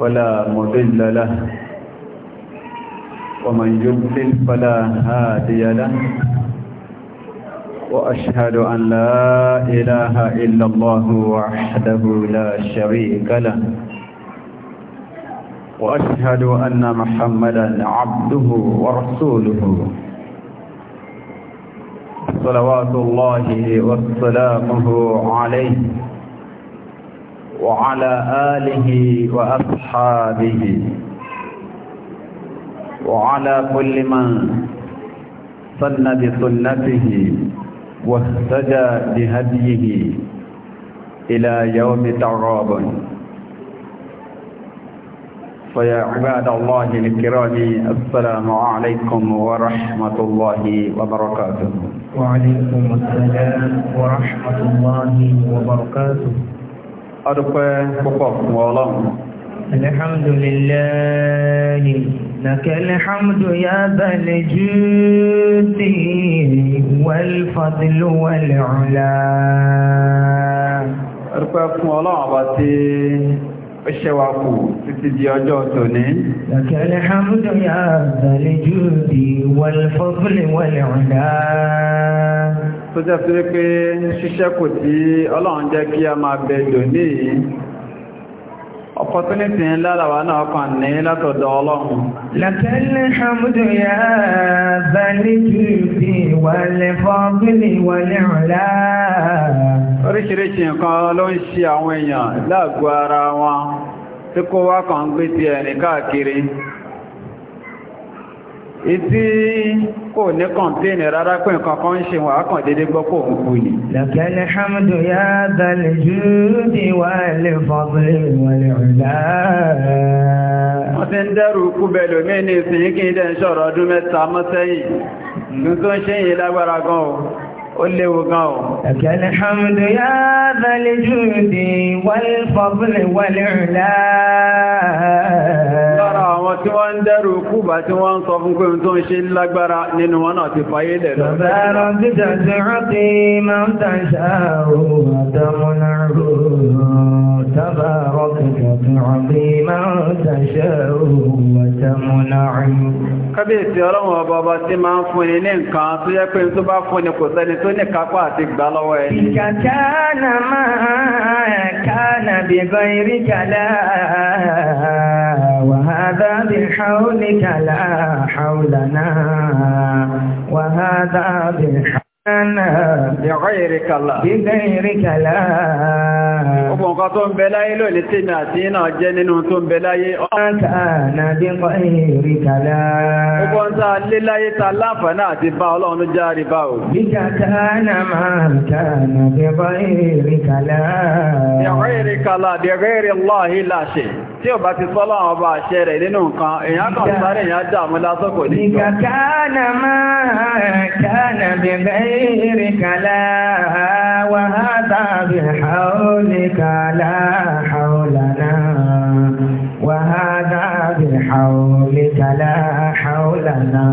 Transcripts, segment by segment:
فلا مضل له ومن يضلل فلا هادي له وأشهد أن لا إله إلا الله وحده لا شريك له وأشهد أن محمدا عبده ورسوله صلوات الله وسلامه عليه وعلى آله وأصحابه وعلى كل من سن بسنته واهتدى بهديه إلى يوم تراب فيا عباد الله الكرام السلام عليكم ورحمة الله وبركاته وعليكم السلام ورحمة الله وبركاته adúpẹ́ púpọ̀ fún ọlọ́run alhamdulillahi lakal hamdu ya zal judi wal fadlu wal ula adúpẹ́ fún ọlọ́run ọba tí ó ṣẹwà kù títí di ọjọ́ tòní lakal hamdu ya zal judi wal fadlu wal ula tó jẹ́ sí wípé ṣíṣẹ́ kù tí ọlọ́run jẹ́ kí a máa bẹ jò ní yìí opportunity lára wa náà kan ní látọ̀dọ̀ ọlọ́run látẹ́lẹ̀ hamdu ya zaliki fi ṣe ara wọn ìtí kò ní kọ̀m̀pléènì rárá pé nǹkan kan ń ṣe wọ́n àkàn dédé gbọ́ kò ń kú ni. lakal hamdu ya dhal judi wal fadli wal ula. wọ́n ti ń dẹ́rù kú bẹ́ẹ̀ lómi ní ìsìn dẹ́ ń ṣọ̀rọ̀ ọdún mẹ́ta mọ́ ó léwu gan o. Ẹ̀kẹ́lẹ̀ hamdu yá zàlẹ̀ jùdì wal fadli wal ula. Lára àwọn tí wọ́n ń dẹ́rù kúbà tí wọ́n ń sọ fún pé tó ń ṣe lágbára nínú wọn náà ti fàyé lẹ̀ lọ. Kábíyèsí ọlọ́run ọba ọba tí máa ń fúnni ní nǹkan tó yẹ pé tó bá fúnni kò sẹ́ni tó ní kápá àti gbà lọ́wọ́ ẹ. Ìkàkánà máa kánà bìbọn بغيرك الله بغيرك لا Ọmọ nǹkan tó ń bẹ láyé lónìí tí mi àti iná jẹ́ nínú tó ń bẹ láyé ọ̀nà bí kọ́ èrè kàlá. Ọgbọ́n ń sáà lé láyé ta láǹfààní àti bá Ọlọ́run ló járe bá o. Bíjà kánà máa Bẹ̀rẹ̀ tí ò bá ti sọ́lọ́ àwọn ọba àṣẹ rẹ̀ nínú nǹkan èyàn kan sáré èyàn dàmú lásọ́kò ní ìjọ. Ìgbà kánà máa kánà bẹ̀rẹ̀ èrè kàlá. أعلاها وهذا بحولك لا حولنا وهذا بحولك لا حولنا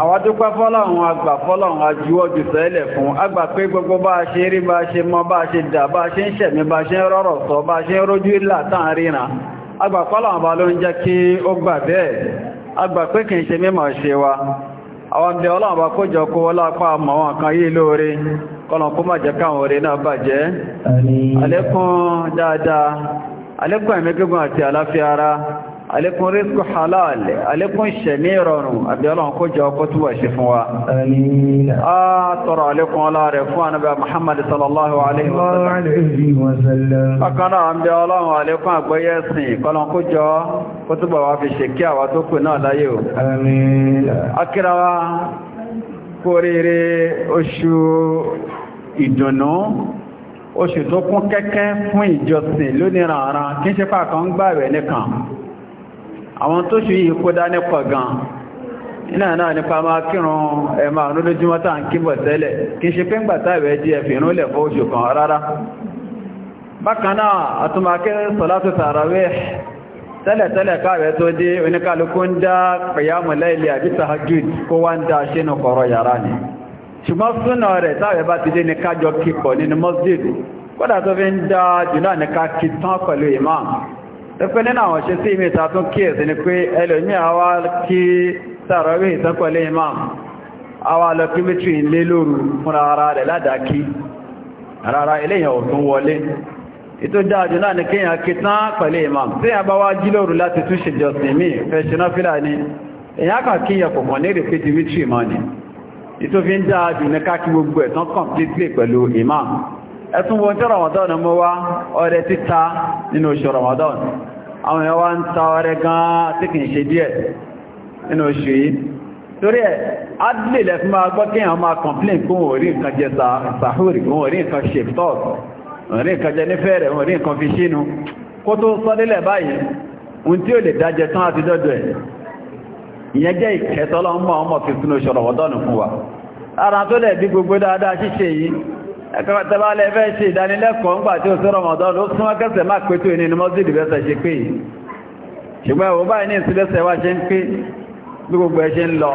àwọn adúpẹ́ fọ́lọ́run àgbà fọ́lọ́run ajíwọ́jú sẹ́lẹ̀ fún àgbà pé gbogbo bá a ṣe rí bá a ṣe mọ́ bá a ṣe dà bá a ṣe ń ṣẹ̀mí bá a ṣe ń rọ́rọ̀ sọ bá a ṣe ń rójú ìlà tàn àgbà fọ́lọ́run bá ló ń jẹ́ kí ó gbà bẹ́ẹ̀ àgbà pé kìí ṣe mímọ̀ ṣe wa àwọn ọmọdé ọlọ́wọ́ kójọ kó wọ́lá pa àmà wọn kan yìí lóore kọlọ̀n kó má jẹ káwọn orí náà bàjẹ́ àlékún dáadáa àlékún ẹ̀mẹ́gbẹ̀gbọ̀n àti àláfíà ara alẹ́kùn rísíkù halal alẹ́kùn ìṣẹ̀mí ìrọ̀rùn àbíọ́lọ́n kó jẹ́ ọkọ́ túwà ṣe fún wa a tọrọ alẹ́kùn ọlá rẹ̀ fún anábẹ́ muhammad sallallahu alaihi wasallam akọ́nà àbíọ́lọ́n alẹ́kùn àgbẹ́yẹ sìn kọ́lọ́n kó jọ kó túbà wá fi ṣe kí àwa tó kù náà láyé o akírawa kórèrè oṣù ìdùnnú oṣù tó kún kẹ́kẹ́ fún ìjọsìn lónìí ràrán kí ń ṣe pàkan gbààwẹ̀ nìkan àwọn tó ṣe yìí kó dání pọ̀ gan iná náà nípa máa kírun ẹ̀mà lójúmọ́ tàà ń kíbọ̀ tẹ́lẹ̀ kí ṣe pé ń gbàtà ìwẹ̀ jí ẹ̀fì ìrúnlẹ̀ fún oṣù kan rárá bákanáà àtúnmákẹ́ sọ̀látù tààràwẹ̀ tẹ́lẹ̀tẹ́lẹ̀ káàrẹ tó dé oníkàlùkù ń dá pẹ̀yàmù láìlẹ̀ àbí tahajjud kó wá ni ṣùgbọ́n súnà rẹ̀ táwẹ̀ bá ti dé imam ẹ̀pẹ́ nínú àwọn ṣe sí ìmìta tún kíyèsí ni pé ẹlòmí àwa kí sàrọ̀wé ìtọ́pẹ̀lẹ̀ imam àwa lọ kímítì lé lóru fún ara rẹ̀ ládàkí rárá iléyàn ọ̀tún wọlé ìtò dáadù náà ni kíyàn kí tán pẹ̀lẹ̀ imam tí a bá wá jí lóru láti tún ṣe jọsìn mí fẹ̀ṣiná fílà ni èyàn kà kíyàn pọ̀pọ̀ ní èrè pé ti imam ni ìtò fi ń dáadù ní káàkì gbogbo ẹ̀tán ẹ̀tún wọn tí Ramadan mọ́ wá ọ̀rẹ́ títa nínú oṣù Ramadan àwọn èèyàn wá ń ta ọrẹ gan-an tí kìí ṣe díẹ̀ nínú oṣù yìí torí ẹ̀ adìlẹ̀ fún máa gbọ́ kí àwọn máa complain kún orí nǹkan jẹ sàhúrì kún orí nǹkan ṣe tọ́ọ̀ orí nǹkan jẹ nífẹ́ orí nǹkan fi ṣínú kó tó sọ́dílẹ̀ báyìí ohun tí ó lè dájẹ ẹ̀kọ́ tẹ́bálẹ̀ fẹ́ ṣe ìdánilẹ́kọ̀ọ́ ń gbà tí ó sí Ramadan ó súnmọ́ kẹsẹ̀ máa pé tó ẹni ni mọ́sílì bẹ́sẹ̀ ṣe pé ṣùgbọ́n ẹ̀wọ̀ báyìí ní ìsìlẹ́sẹ̀ wá ṣe ń pé bí gbogbo ẹ̀ṣẹ́ ń lọ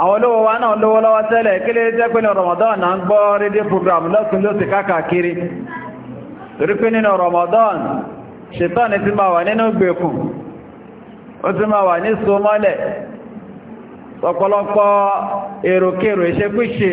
àwọn olówó wa náà lówó lọ́wọ́ tẹ́lẹ̀ kí lè jẹ́ pé ní Ramadan náà ń gbọ́ rédíò program lọ́sùn ló sì káàkiri torí pé nínú Ramadan ṣetán ni ti máa wà nínú gbèkùn ó ti máa wà ní sọmọ́lẹ̀ ọ̀pọ̀lọpọ̀ èròkèrò ìṣekúṣe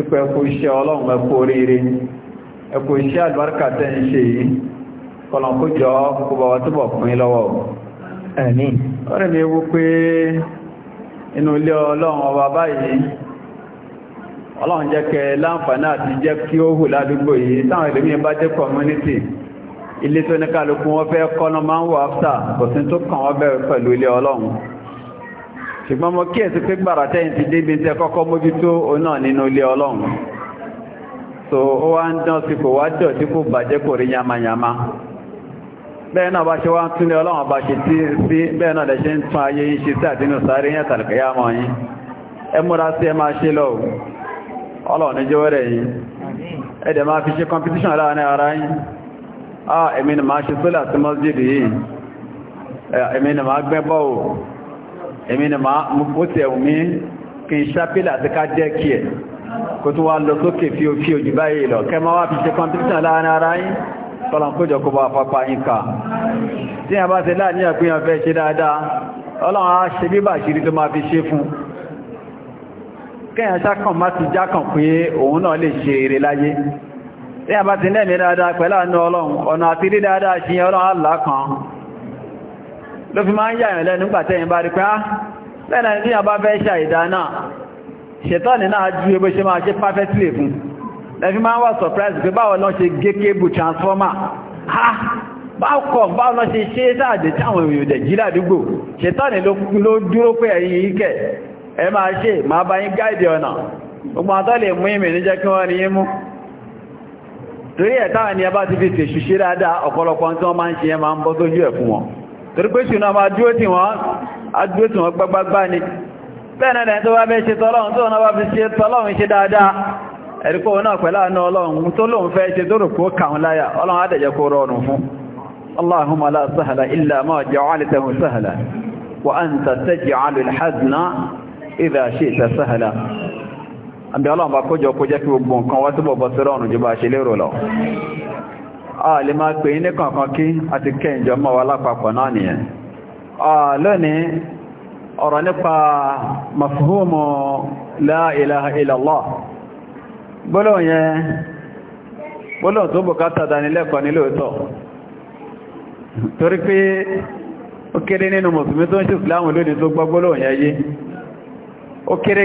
ipò ẹkù iṣẹ́ ọlọ́run ẹkù oríire ẹkù iṣẹ́ àlùbáríkà tẹ́ ń ṣe yìí kọlọ̀kójọ́ kó bá wa túbọ̀ fún yín lọ́wọ́ ẹ̀mí ọ̀rẹ́ mi wú pé inú ilé ọlọ́run ọba báyìí ọlọ́run jẹ́ kẹ láǹfààní àti jẹ́ kí ó hù ládùúgbò yìí táwọn ìlú yẹn bá jẹ́ community ilé tó ní kálukú wọn fẹ́ kọ́nà máa ń wọ áfítà kò sí tó kàn wọ́n bẹ̀rẹ̀ pẹ̀lú ilé ọlọ́run ṣùgbọ́n mo kí èsì pé gbàrà tẹ́yìn ti débi tẹ́ kọ́kọ́ mójútó òun náà nínú ilé ọlọ́run so ó wá ń dán sí kò wá dọ̀ tí kò bàjẹ́ kò rí yamayama bẹ́ẹ̀ náà bá ṣe wá ń tún lé ọlọ́run bá ṣe tí sí bẹ́ẹ̀ náà lẹ́ṣe ń tún ayé yìí ṣe sí àdínú sáré yẹn tàlùkẹ́yà mọ́ yín ẹ múra sí ẹ máa ṣe lọ ọlọ́run jẹ́ wẹ́rẹ̀ yìí ẹ dẹ̀ máa fi ṣe competition láàrin ara yín ah èmi ni máa ṣe sólà sí mọ́sídìí yìí èmi ni máa gbẹ́bọ́ emini ma máa omi tẹ̀ mí kí ka ṣápílà àti ko jẹ́ kí fi òfí òjì báyìí lọ kẹ máa fi ṣe kọmpítàn láàrin ara yín tọ́lọ̀kójọ kó bá fapá yín tí a bá ṣe láàrin àpíyàn fẹ́ ṣe dáadáa ọlọ́run á ṣe bíbà tó máa fi ṣe fún má ti jákàn pé òun náà lè ṣe eré láyé tí a bá ti dáadáa ọlọ́run ọ̀nà àti ló fi máa ń yà ìrìnlẹ̀ nígbàtẹ́yìn bá rí pé á ah, lẹ́nà ní àbá fẹ́ ṣàìdá náà ṣètọ́nì náà ju ebe ṣe máa ṣe perfectly fún lẹ́fí máa wà surprise pé báwọn náà ṣe gé kébù transformer ha ṣe ṣe torí ni bá ti fi tèṣù ṣe dáadáa ọ̀pọ̀lọpọ̀ tí wọ́n máa ń ṣe torí pé ṣùnà máa dúró tí wọ́n adúró tí wọ́n gbagbagba ni bẹ́ẹ̀nẹ̀dẹ̀ tó bá bẹ́ ṣe tọ́lọ́run tó náà bá fi ṣe tọ́lọ́run ṣe dáadáa ẹ̀ríkò náà pẹ̀lá àánú ọlọ́run tó lóun fẹ́ ṣe tó rùkú kàun láyà ọlọ́run adẹ̀jẹ́ rọrùn fún إلا ما جعلته سهلا وأنت تجعل الحزن إذا شئت سهلا àbí ọlọ́run bá kójọ kó jẹ́ kí gbogbo nǹkan wá túbọ̀ a lè máa pè ní kankan kí àti kẹjọ mọ́ wa lápapọ̀ náà nìyẹn lónìí ọ̀rọ̀ nípa mafhúmù la ilaha illallah gbólóhùn yẹn gbólóhùn tó bùkátà dánilẹ́kọ̀ọ́ ní lóòtọ́ torí pé ó kéré nínú mùsùlùmí tó ń ṣe ìsìláàmù lónìí tó gbọ́ gbólóhùn yẹn yé ó kéré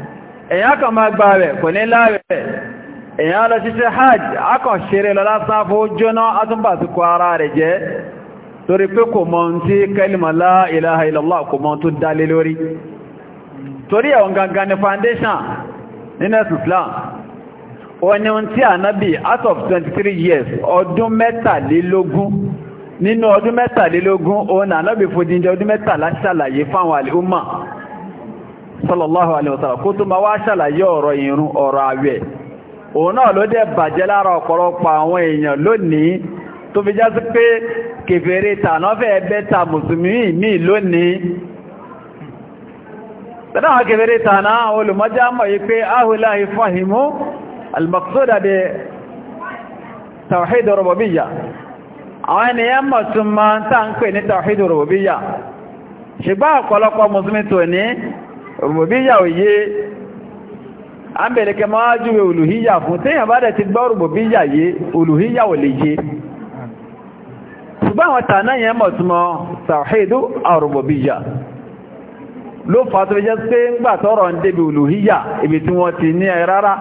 èyàn kan máa gba rẹ̀ kò ní láàrẹ̀ èyàn lọ hajj akàn ṣeré lọ lásán jóná átúnbàtíkọ ara rẹ̀ jẹ́ torí pé kò mọ́ tí kẹlìmà la ilaha kò tó lórí torí ni ọdún mẹ́tàlélógún ọdún mẹ́tàlá ṣàlàyé fáwọn sallallahu alaihi wasallam kó tó ma wá ṣàlàyé ọ̀rọ̀ ìrun ọ̀rọ̀ àwẹ̀ òun náà ló dẹ̀ bàjẹ́ lára ọ̀pọ̀lọpọ̀ àwọn èèyàn lónìí tó fi já sí pé kèfèrè tànáfẹ́ ẹgbẹ́ ta mùsùlùmí míì lónìí tẹ́lá àwọn kèfèrè tàná olùmọ́já mọ̀ ní rùbùbíyà òye a ń bẹ̀rẹ̀ kẹ máa júwe olùhíyà fún téèyàn bá dẹ̀ ti gbọ́ rùbùbíyà yé olùhíyà ò lè yé ṣùgbọ́n àwọn tàná yẹn mọ̀ túnmọ̀ tàwíìdù àrùbùbíyà ló fà tó jẹ́ pé ń gbà tọ́rọ̀ ń débi olùhíyà ibi tí wọ́n ti ní ẹ rárá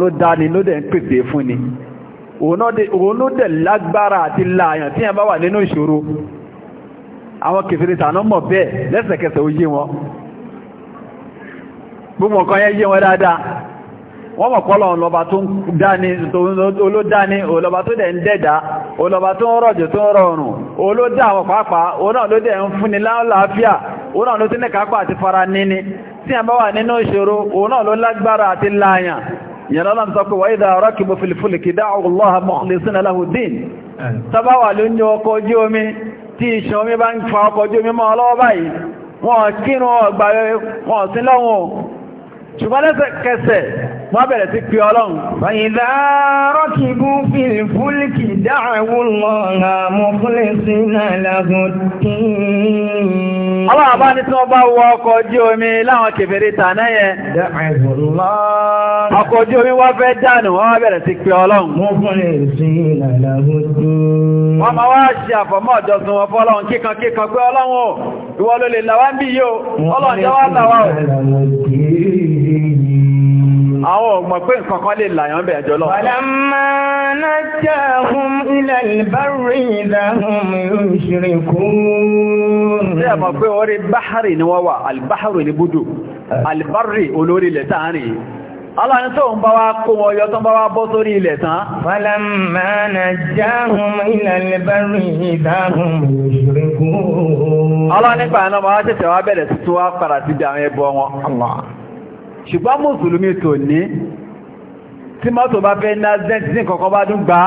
ló dá ni ló dẹ̀ ń pèsè fún ni òun dẹ̀ lágbára àti láàyàn tí yẹn bá wà nínú ìṣòro àwọn kèfèrè tàná mọ̀ bẹ́ẹ̀ lẹ́sẹ̀kẹsẹ̀ ó yé wọn gbogbo nǹkan yẹn yé wọn dáadáa wọ́n mọ̀ pọ́lọ̀ ọlọba tó tó dẹ̀ ń dẹ́dà ọlọba tó tó rọrùn àwọn pàápàá ló dẹ̀ ń láàáfíà fara níní tí bá wà nínú ìṣòro ló lágbára yẹn lọ́nà sọ pé wáyé dáa rọ́kìbò fìlìfìlì kì dáa ọlọ́ha mọ̀kànlẹ̀sìn aláhùdín sábáwà ló ń yọ ọkọ̀ ojú omi tí iṣan omi bá ń fa ọkọ̀ ojú omi mọ́ ọlọ́wọ́ báyìí wọ́n kírun ọgbà wọn sí lọ́wọ́ ṣùgbọ́n wọ́n bẹ̀rẹ̀ sí pé ọlọ́run. Fàyìdá rọ́kìbú fìlìfúlìkì dáàwó lọ́la mú fúnlẹ̀ sí náà lágún tí. Ọlọ́run àbá ní tí wọ́n bá wọ ọkọ̀ ojú omi láwọn kèfèrè tàná yẹn. Ọkọ̀ ojú omi wọ́n fẹ́ dànù, wọ́n bẹ̀rẹ̀ sí náà lágún tí. Àwọn ọmọ pé nǹkan kan lè làyàn bẹ̀ ẹjọ́ lọ. Wàlámà náà jẹ́ ohun ilẹ̀ ìbárò ìdáhùn ìṣirìkún. Ṣé ẹ̀mọ̀ pé orí báhárì ni wọ́n wà, albáhárì ni búdù, albárì olórí ilẹ̀ Aláàrin tó ń bá wá kó wọn yọ tó ń bá wá bọ́ sórí ilẹ̀ tán. Fọ́lámà náà jáhùn ilẹ̀ lẹ́bẹ̀rù ìdáhùn ìṣirìkún. Aláàrin pàánà máa tẹ̀tẹ̀ wá bẹ̀rẹ̀ tuntun wá padà sí ìdàmẹ́ bọ́ wọn. Allah ṣùgbọ́n mùsùlùmí tò ní tí mọ́tò bá fẹ́ ná zẹ́ntì sí kọ̀kọ́ bá dún gbá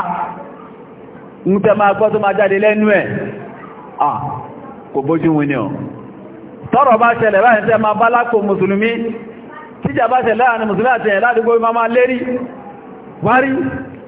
ń tẹ́ máa gbọ́ tó máa jáde lẹ́nu ẹ̀ ah kò bójú wọn ni ọ̀ tọ́rọ̀ bá ṣẹlẹ̀ láì tẹ́ máa bá lápò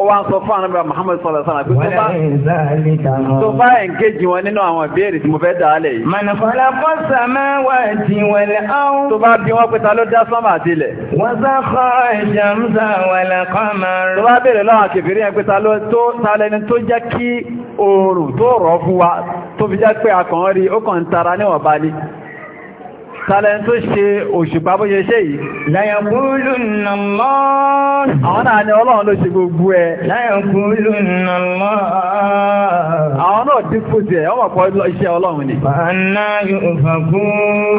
ó wá ń sọ fún àwọn Muhammad sallallahu alaihi wasallam tó bá ẹ̀ǹkéjì wọn nínú àwọn ìbéèrè tí mo fẹ́ dáálẹ̀ yìí man khalaqa samawati wal ard tó bá bí wọ́n pẹ́ta ló dá sánmà àti ilẹ̀ wa sakha'a ash-shamsa wal qamar tó bá béèrè lọ́wọ́ kèfèrí yẹn pẹ́ta ló tó tálẹ́ni tó jẹ́ kí oòrùn tó rọ̀ fún wa tó tààlẹ̀ tó ṣe òṣùpá bó ṣe ṣe yìí. láyàkúlù nà lọ́ọ̀. àwọn náà ni ọlọ́run ló ṣe gbogbo ẹ. láyàkúlù nà lọ́ọ̀. àwọn náà dínkù tiẹ̀ ọmọ pọ̀ iṣẹ́ ọlọ́run ni. bàánà yóò fàkú.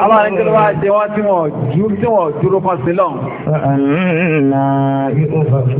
aláàrin tí wọ́n ṣe wọ́n tí wọ́n tí wọ́n dúró kan sí lọ́hùn. bàánà yóò fàkú.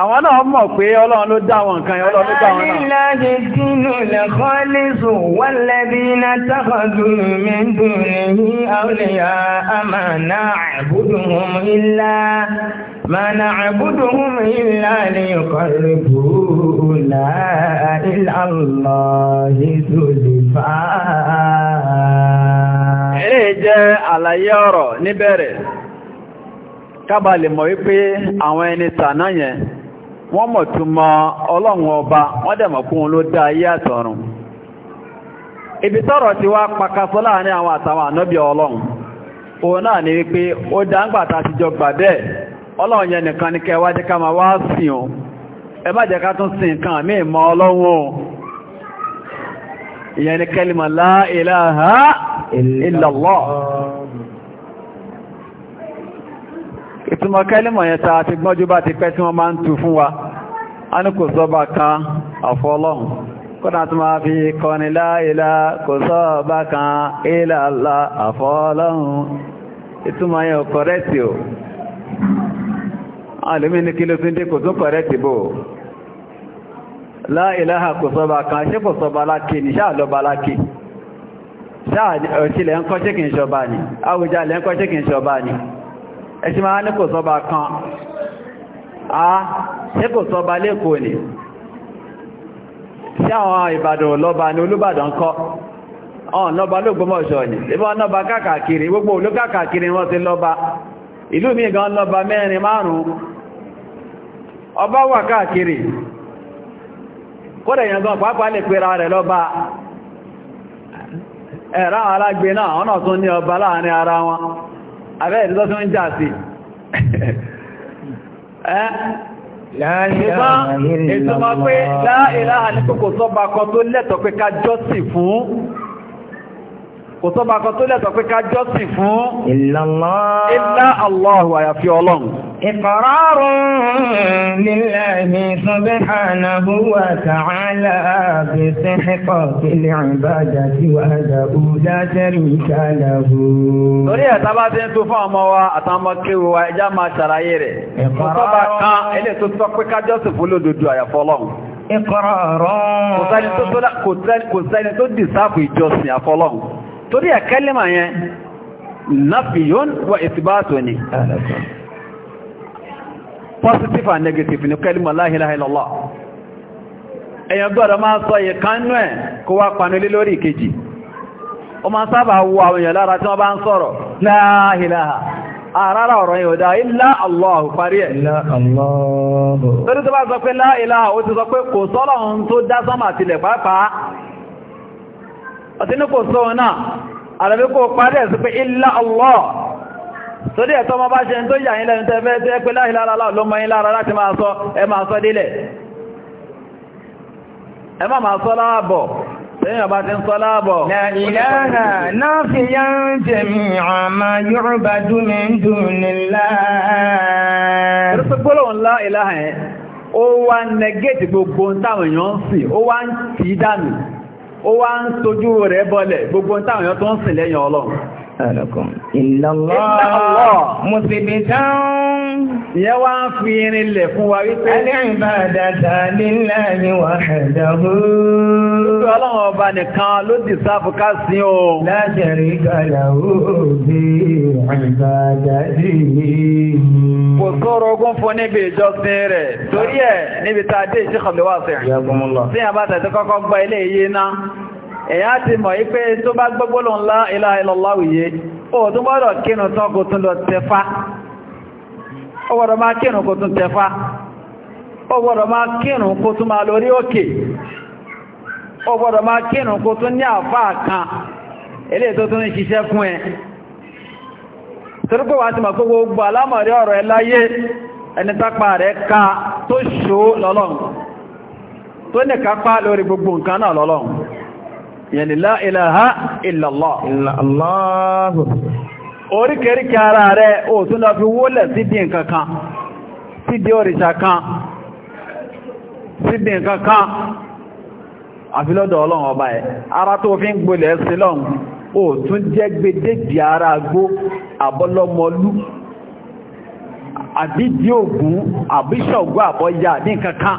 àwọn náà mọ̀ pé ọlọ́run ló dá wọn kan ọlọ́run ló dá wọn náà. aláìláṣẹ dínú lẹ́kọ́ lẹ́sù wọ́lẹ́bí iná tábàdù mẹ́ndù ní àwòlẹ́yà àmà náà àbúdùhùn ilá máa na àbúdùhùn ilá ní ọkọ̀lẹ́bù náà ìlàlọ́ ìdòlèfà. eré jẹ́ àlàyé ọ̀rọ̀ níbẹ̀rẹ̀ kábàlè mọ̀ wípé àwọn ẹni tàná yẹn wọ́n mọ̀ tún mọ ọlọ́run ọba wọ́n dẹ̀ mọ̀ kún un ló dá ayé àtọ̀run ibi tọ́rọ̀ ti wá pakasọ láàrin àwọn àtàwọn ànábì ọlọ́run òun náà ni wípé ó dáńgbàtà ti jọ gbà bẹ́ẹ̀ ọlọ́run yẹn nìkan ní kẹwàá jẹ́ ká máa wá sìn o ẹ má jẹ́ ká tún sin nǹkan mí mọ́ ọlọ́run o ìyẹn ni kẹlìmọ̀ la ilaha illallah ìtumọ̀ kẹ́lìmọ̀ yẹn ta ti gbọ́njú bá ti pẹ́ tí wọ́n máa ń tu fún wa a ní kò sọ́ba kan àfọlọ́hun kọ́nà tó máa fi kọni láìlá kò sọ́ba kan ìlàlá àfọlọ́hun ìtumọ̀ yẹn o kò tún kan ṣé kò sọ́ba lákì ní ṣáà lọ́ba lákì ṣáà òṣìlẹ̀ ń kọ́ ṣé ṣọba ni àwùjalẹ̀ ń kọ́ ṣọba ni ẹ̀ṣì máa ní kò sọba kan a ṣe kò sọba lẹ́kòó ni ṣe àwọn Ìbàdàn lọ́ba ní Olúbàdàn kọ́ ọ̀n lọ́ba lógbọ́mọ̀ṣọ́ ni ibọ́ lọ́ba gbogbo olókàkiri wọ́n ti lọ́ba ìlú mi gan lọ́ba mẹ́rin márùn-ún abẹ́ ìdílọ́ tí wọ́n ń jà sí ìbọn ìtumọ̀ pé láìláà ní kòkò sọ́bà kan tó lẹ́tọ̀ọ́ pé ká jọ́sìn fún kò sọ́ba kan tó lẹ́tọ̀ pé ká jọ́sìn fún illa Allahu àyàfi ọlọ́run. Iqrarun lillahi subhanahu wa ta'ala bi sihatil ibadati wahdahu la sharika lahu. Lórí ẹ̀ta bá ti ń tó fún ọmọ wa àtàmọ kéwò wa ẹjá máa ṣàlàyé rẹ̀. Kò Kò sẹ́ni tó dì ìjọsìn àfọlọ́run torí ẹ̀ kẹ́lìmà yẹn nafiyun wa ìsìbáàtò ni positive and negative ni kẹ́lìmà la ilaha illallah èyàn gbọ́dọ̀ máa sọ ìkánú ẹ̀ kó wá panu lé lórí ìkejì o máa sábà wo àwọn èèyàn lára tí wọ́n bá ń sọ̀rọ̀ la ilaha àrárá ọ̀rọ̀ yìí ọ̀dá ilá Allahu parí ẹ̀. Torí tó bá sọ pé la ó ti sọ pé kò sọ́lọ̀ àti ní kò sọ wọn náà àrẹ̀bí kò parí ẹ̀ sí pé illa Allah sódí ẹ̀tọ́ ma bá ṣe tó yà yín lẹ́nu tẹ́fẹ́ tẹ́ pé la ilaha illallah ló mọ́ yín lára láti máa sọ ẹ máa sọ délẹ̀ ẹ má máa sọ láàbọ̀ Sẹ́yìn ti ń sọ La ilaha nafiyan jami'a ma yu'badu min dunillah. Rípe ó wá nẹgẹ́tì gbogbo táwọn èèyàn ń ó wá ń ó wá ń sojú rẹ̀ bọ́lẹ̀ gbogbo táwọn èèyàn tó ń sìn lẹ́yìn ọlọ́run أسألكم إلا الله مثبتا ìyẹn wá ń fi irin lẹ̀ fún wa wípé alẹ́rìnbádàtà níláàrí wàhàdàbò lórí ọlọ́run ọba nìkan ló dì sáàfù ká sí o láṣẹ̀rí kàlàwó bí ìrìnbádàdì kò sọ́rọ̀ ogún fún níbi ìjọsìn rẹ̀ torí ẹ̀ níbi tàdé ìṣẹ́kọ̀lẹ́wà sí ẹ̀yà ti mọ̀ ipé tó bá gbogbo ńlá ilá ìlọ́láwìyé ó tún gbọ́dọ̀ kínú tán kò tún lọ tẹfá ó gbọ́dọ̀ ma kínú kò tún tẹfá ó gbọ́dọ̀ kínú kò tún lórí òkè ó gbọ́dọ̀ máa kínú kò tún ní àfáà tó nìkápá lórí gbogbo nǹkan náà yani la ilaha illa allah illa allah ori keri kara re o tun lo fi wo le si din kankan si di ori sakan si din kankan afi lo do olohun oba e ara to fi ngbole si lohun o tun je gbede di ara go abolomo lu abi di ogun abi sogo aboya din kankan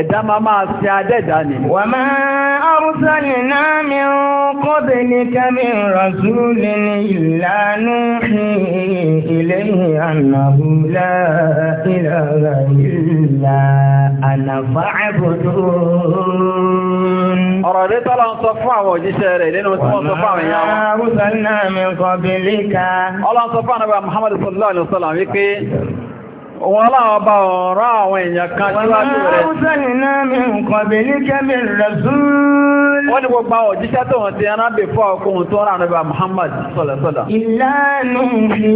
ẹ̀dá máa máa ṣe adẹ́dà ni. Wa ma arsalna min qablika min rasulin illa nuhi ilayhi annahu la ilaha illa ana fa'budun. Ọ̀rọ̀ rẹ̀ tọ́lọ ń sọ fún àwọn òjíṣẹ́ rẹ̀ nínú tí wọ́n sọ fún àwọn èèyàn. Wa ma arsalna min qablika. Ọlọ́run sọ fún àwọn Muhammadu sallallahu alaihi wasallam wípé Òun aláwọ̀bá ọ̀rọ̀ àwọn èèyàn kan síwájú rẹ̀. Wọ́n ni gbogbo àwọn òjíṣẹ́ tó wọ́n ti ẹná bè fọ́ ọkùnrin tó rà níbà Muhammad sọ̀lẹ̀sọ̀lẹ̀. Ìlànà fi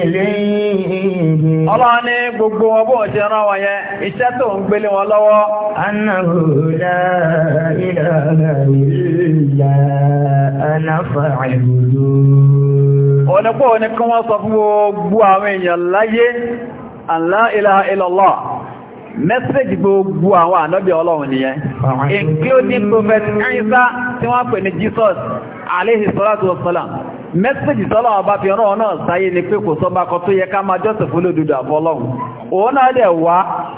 ilé ìhìn. Ọlọ́run ní gbogbo ọbọ̀ ti ẹná wọn yẹn, iṣẹ́ tó ń gbélé wọn lọ́wọ́. Anáhùlá ìlànà ìlànà fàáìlú. Ọ̀nà pọ̀ ní kí wọ́n sọ fún gbogbo àwọn èèyàn láyé. an la ilaha illallah message gbogbo àwọn ànábì ọlọ́run nìyẹn including prophet Isa tí wọ́n pè ní Jesus alayhi salatu message tọ́lọ̀ ọba fi ọ̀rọ̀ náà sáyé ni pé kò sọ́bakọ tó yẹ ká máa jọ́sẹ̀ fún lódúdú àfọ́lọ́run òun náà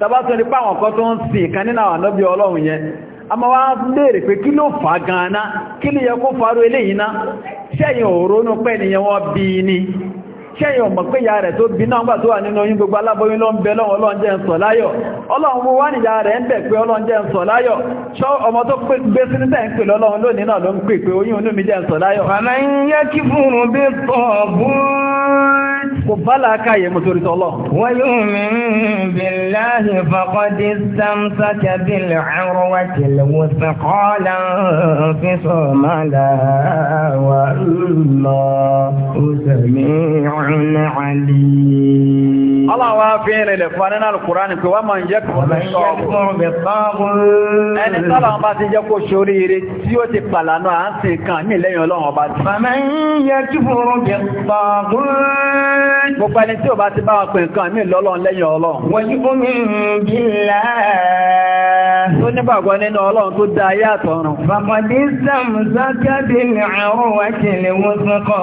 tàbá tó ní páwọn kan tó ń sìn kan nínú àwọn ànábí ọlọ́run yẹn a ma wá léèrè pé kí ló fà gan kí ló yẹ kó farú eléyìí ná ṣẹ́yìn òrónú pẹ́ nìyẹn wọ́n bí ní ṣẹ́yìn ọmọ pé ya rẹ̀ tó bí náà gbà tó wà nínú oyún gbogbo aláboyún ló ń bẹ lọ́wọ́ ọlọ́njẹ́ ń sọ láyọ̀ ọlọ́run wo wá nìyà rẹ̀ ń bẹ̀ pé ọlọ́njẹ́ ń sọ láyọ̀ ṣọ́ ọmọ tó gbé sínú tẹ́ ń pè lọ́lọ́run lónìí náà ló ń pè pé oyún inú mi jẹ́ ń sọ láyọ̀ kò bá làákàyè mú torí tọ́lọ̀. wa yu'min billahi faqad istamsaka bil urwatil wuthqa la infisama laha wallahu sami'un عليم aláwọ̀ afẹ́yìn rẹ̀ fún anínà alùkùránì pé wọ́n máa ń jẹ́ ẹni tọ́lọ̀wọ́n tí ó ti pàlànà à ń sin kan mí lẹ́yìn ọlọ́run ọba ti. Gbogbo ẹni tí ó bá ti bá wọn pè nǹkan mí lọ́lọ́run lẹ́yìn ọlọ́run. Wọ́n ti fún mi bí láàá. Tó nígbàgbọ́ nínú ọlọ́run tó dá ayé àtọ̀run. Bàbàdé sàmùsákàdé ní àwọn wákìlì wọ́n tún kọ́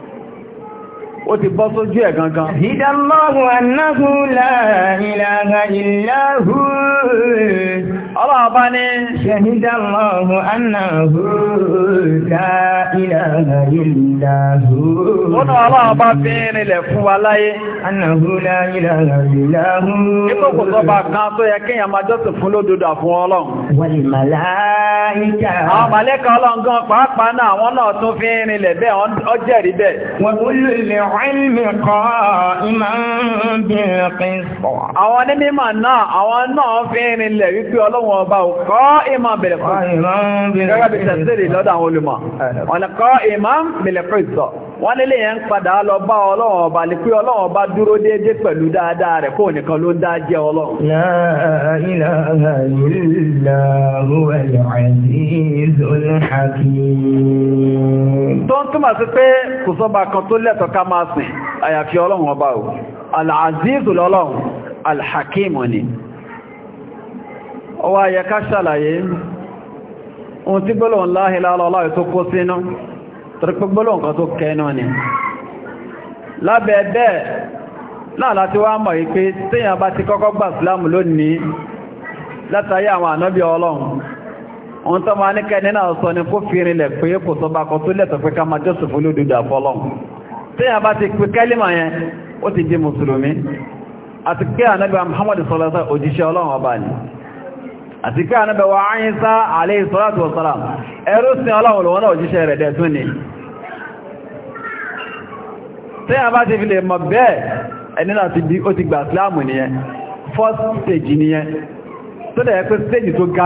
ó ti bọ́ sójú ẹ̀ gangan. Ìdánmọ́rùn-ún Ọlọ́run bá ní. Ṣẹ̀hídà lọ́rùn la ilaha illa hu. Ó náà ọlọ́run bá la ilaha illa hu. Ipò kò sọ́ba kan tó yẹ kéèyàn máa jọ́sìn fún lódodo àfún ọlọ́run. Wal màláìkà. Àwọn màlẹ́kà ọlọ́run gan pàápàá náà àwọn náà tún fi rinlẹ̀ bẹ́ẹ̀ ọ jẹ́rìí bẹ́ẹ̀. Wa ulul ilmi ọlọ́wọ́ ọba ò kọ́ ìmọ̀ bẹ̀rẹ̀kọ́ gẹ́gẹ́ bí tẹ̀sílì lọ́dọ̀ àwọn olùmọ̀ ọ̀nà kọ́ ìmọ̀ bẹ̀rẹ̀kọ́ ìsọ̀ wọ́n nílé yẹn ń padà lọ bá ọlọ́wọ́ ọba lè pé ọlọ́wọ́ ọba dúró déédé pẹ̀lú dáadáa rẹ̀ kó nìkan ló ń dá jẹ́ ọlọ́wọ́ tó ń túmọ̀ sí pé kò sọ́ba kan tó lẹ́tọ̀ọ́ ká máa sìn àyàfi ọlọ́wọ́ ọba ò al-azizu lọ́lọ́wọ́ al-hakimu ni ó wá yẹ ṣàlàyé ohun tí gbọ́lọ̀n ala aláwọ̀ tó kó sínú torípé gbọ́lọ̀n nǹkan tó kẹ́nà ni lábẹ́ bẹ́ẹ̀ náà láti wá mọ̀ wípé tíyàn bá ti kọ́kọ́ gbà sílámù lónìí látàrí àwọn ànábí ọlọ́run ní ni kó fi rinlẹ̀ pé kò pé ká bá ti àti pé Muhammad sọ́lọ́sọ́ òjíṣẹ́ ọlọ́run ọba ni àti pé ànábẹ̀wà Ìsá alayhi salatu wa salam ẹrú sí ọlọ́run lọ́wọ́n náà òjíṣẹ́ rẹ̀ dẹ̀tún ni tí a bá ti fi lè mọ̀ bẹ́ẹ̀ ẹni náà ti bí ó ti gbà sílámù nìyẹn first stage nìyẹn tó dẹ̀ pé stage tó ga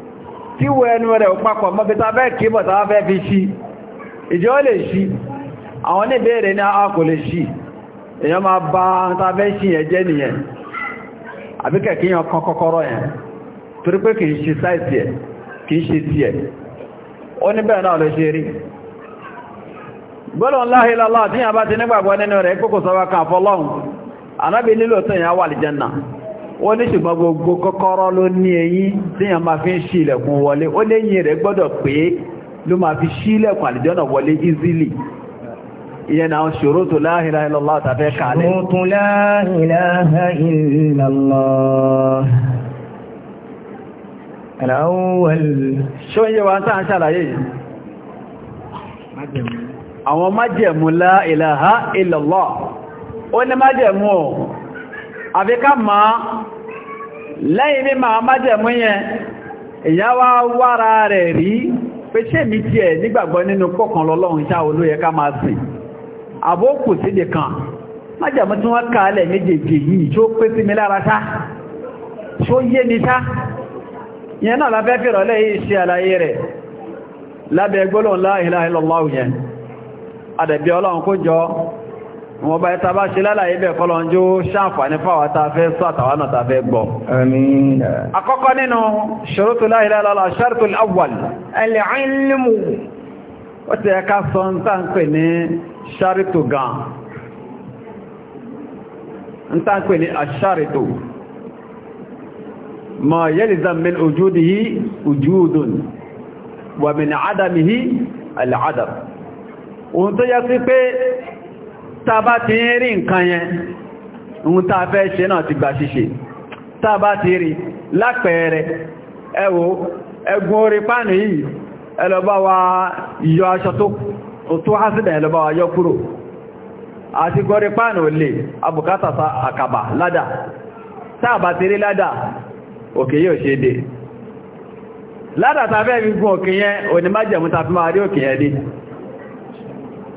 tí wo ẹnu rẹ̀ papọ̀ mọ́bítà bẹ́ẹ̀ kí bọ̀ tàbá fẹ́ fi ṣí ìjọ lè ṣí àwọn níbẹ̀ẹ̀rẹ̀ ní a kò lè ṣí èyàn máa bá tàbẹ́ ṣí yẹn jẹ́ nìyẹn àbíkẹ̀ kí yàn kan kọ́kọ́rọ́ yẹn torí pé kìí ṣe ṣe tí ẹ̀ ó níbẹ̀ ṣe wọ́n ní ṣùgbọ́n gbogbo kọ́kọ́rọ́ ló ní eyín tí yàn máa fi ń ṣí ilẹ̀kùn wọlé ó léyìn rẹ̀ gbọ́dọ̀ pé ló máa fi ṣí ilẹ̀kùn àlìjọ́nà wọlé easily ìyẹn náà ṣòro tó la ilaha illallah tàbí kàálẹ̀ ṣòro tó la ilaha illallah al-awwal ṣó ń yẹ wa máa lẹ́yìn mímọ̀ àmájẹ̀mú yẹn ìyá wá wára rẹ̀ rí pé ṣé mi tí ẹ̀ nígbàgbọ́ nínú pọ̀kan lọ́lọ́run ṣá olóyẹ ká máa sìn àbókù sídè kàn májẹ̀mú tí wọ́n kàálẹ̀ méjèèjì yìí tí ó pé sí mi lára ṣá yé ni ṣá náà lábẹ́ fìrọ̀lẹ́ yìí ṣe àlàyé rẹ̀ lábẹ́ wọn bá ẹta bá ṣe lálàyé bẹ̀ kọlọ̀njú ṣàǹfàní fáwọn tàfẹ́ sọ àtàwọn náà tàfẹ́ gbọ́. àkọ́kọ́ nínú ṣòrótò láìláìlọ́lá ṣàrìtò awwal al-ilmu ó ti ẹka sọ ń tà ń pè ní ṣàrìtò gan ń tà ń pè ní àṣàrìtò ma yalzam min wujudihi wujudun wa min adamihi tàbá ti ń rí nǹkan yẹn ohun tàà fẹ́ ṣe náà ti gbà ṣíṣe tàbá ti rí lápẹẹrẹ ẹ ẹgbùn orí pánì yìí ẹlọba wa yọ aṣọ tó hásìdẹ̀ ẹlọba wa yọ kúrò àti gorí pánì olè abùkátà àkàbà ládà tàbá ti rí ládà òkè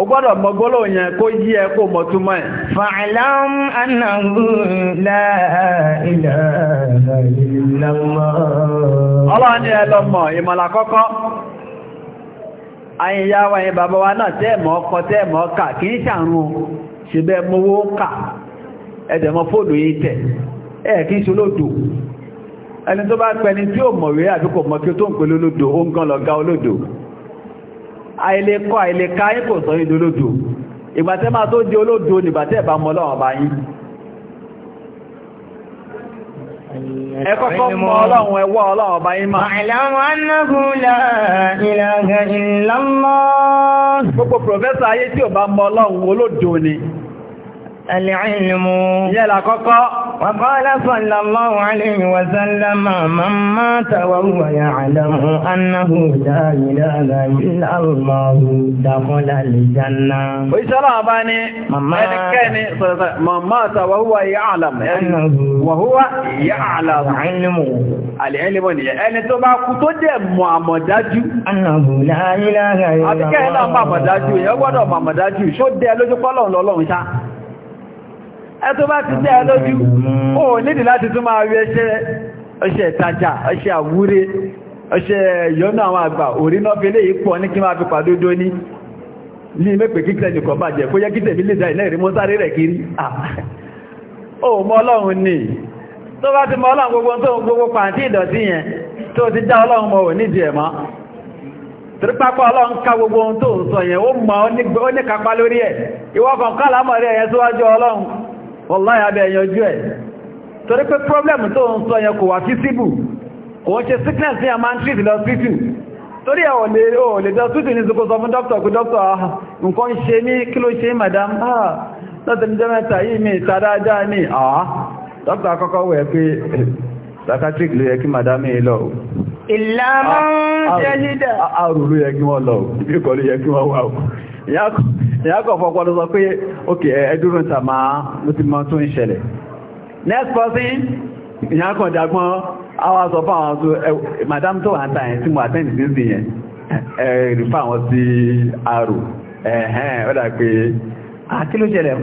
ó gbọ́dọ̀ mọ gbólóhùn yẹn yí ẹ kó mọ túmọ̀ ẹ̀. fa'lam annahu la ilaha illallah. ọlọ́run ni ẹ lọ ayin ya náà tẹ́ẹ̀mọ́ ọkọ̀ tẹ́ẹ̀mọ́ ọkà kí àìlèkọ́ àìlèká ipò sọ ìdí olódò ìgbàtẹ́ máa tó di olódò nìgbàtẹ́ ìbá mọ́ Ọlọ́run bá yín ẹkọ́kọ́ mọ́ Ọlọ́run ẹwọ́ Ọlọ́run bá yín máa àìlàmọ́ annáhùn láàrín ìlàgà ni. العلم يلا كوكا وقال صلى الله عليه وسلم من مات وهو يعلم أنه لا إله إلا الله دخل الجنة ويسراباني من مات وهو يعلم وهو يعلم العلم العلم يعني تبع كتود معمداج أنه لا إله إلا الله أبكي لا معمداج يا ولد شو دي لو جبالون لولون شا ẹ tó bá ti tẹ́ ẹ lójú ó nídì láti tún máa rí ọṣẹ ìtajà ọṣẹ àwúrẹ ọṣẹ ìyọ́nà àwọn àgbà orí náà fi léyìí pọ̀ ní kí máa fi pàdódó ní ní mẹ́pẹ̀ kíkẹ́ nìkan kí ah. bá ti mọ́ ọlọ́run gbogbo gbogbo ọlọ́run ká gbogbo ohun tó sọ yẹn ó mọ̀ ó ní lórí ẹ̀ wọ́láyé abẹ́ ẹ̀yànjú ẹ̀ torí pé problem tó ń sọ yẹn kò wà físíbù kò ń ṣe sickness ní a ń treat lọ torí ẹ̀ o lè jọ sítù ní ṣokò sọ fún dókítà kú ah, nǹkan ṣe ní kí ló ṣe madam ah lọ́tẹ̀lẹ́jọ́ mẹ́ta yìí mi ìtadájá ní àá ah, dókítà kọ́kọ́ wẹ̀ pé psychiatric ló yẹ kí madam yìí lọ Ìlànà ah, jẹ́ ìyákọ̀ fọ́pọ̀lọ́ sọ pé ẹdúrún ló ti mọ́ tún ìṣẹ̀lẹ̀ next person jagbọ́n sọ fún àwọn tó madam tó wà tàyẹ̀ tí mo yẹn rí fún àwọn sí àrò ẹ̀hẹ́n ó dà pé kí ló ṣẹlẹ̀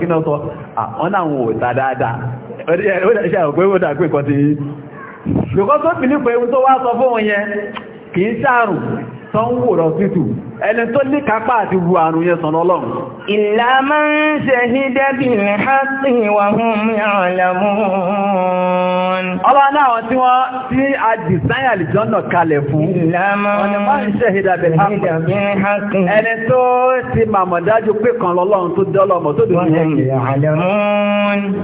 kí náà sọ wọ́n náà ta dáadáa ó dà pé nǹkan ti because tó ń wòrán títù ẹni tó ní kápá àti wu àrùn yẹn sọ̀nà ọlọ́run ìlà máa ń ṣe hídẹ́bì haqqi wa hum ya'lamun ọba náà tí wọ́n tí a dìsáyà lìjọ́nà kalẹ̀ fún ìlà máa ń ṣe hídẹ́bì haqqi ẹni tó ti màmọ̀ dájú pé kan lọ́lọ́run tó dọ́lọ́mọ̀ tó dùn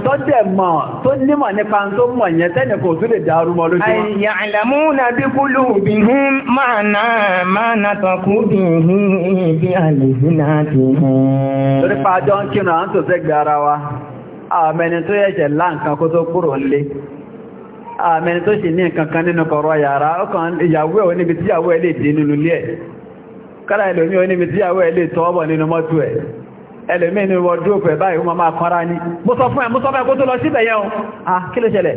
tó dẹ̀ mọ̀ tó nímọ̀ nípa tó mọ̀ yẹn tẹ́nìkò tó lè dárú mọ́ lójú wọn natakudu bi alìsínàtìmù. Torí pa àjọ ń kírun à ń tò sẹ́gbẹ̀ ara wa, àmẹni tó yẹ̀ṣẹ̀ láǹkan kó tó kúrò nlé. Àmẹni tó ṣì ní kan nínú kọ̀rọ̀ yàrá, ọkàn ìyàwó ẹ̀ oníbi tíyàwó ẹ̀ lè dé nínú ilé ẹ̀. Kára ẹlòmí oníbi tíyàwó ẹ̀ ni wọ́n dúró pẹ̀ báyìí wọ́n máa kọ́ra ní. Mo sọ fún ẹ, mo sọ fún ẹ kó tó lọ síbẹ̀ yẹn o. Ah, kí ló ṣẹlẹ̀?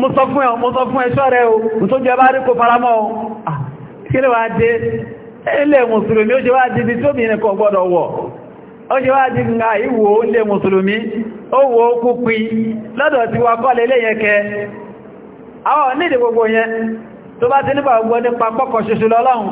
Mo sọ fún ẹ, mo sọ fún ẹ ṣọ́rẹ́ o. tó jẹ bá rí kó faramọ́ kí ló wá ilé mùsùlùmí ó ṣe wá dìbí tó bí nìkan gbọ́dọ̀ wọ̀ ó ṣe wá dìbí nga ìwò ilé mùsùlùmí ó wò ó kú lọ́dọ̀ tí wà kọ́ lélé yẹn kẹ àwọn gbogbo yẹn tó bá ti nípa gbogbo nípa pọ́kọ̀ ṣoṣo lọ́lọ́run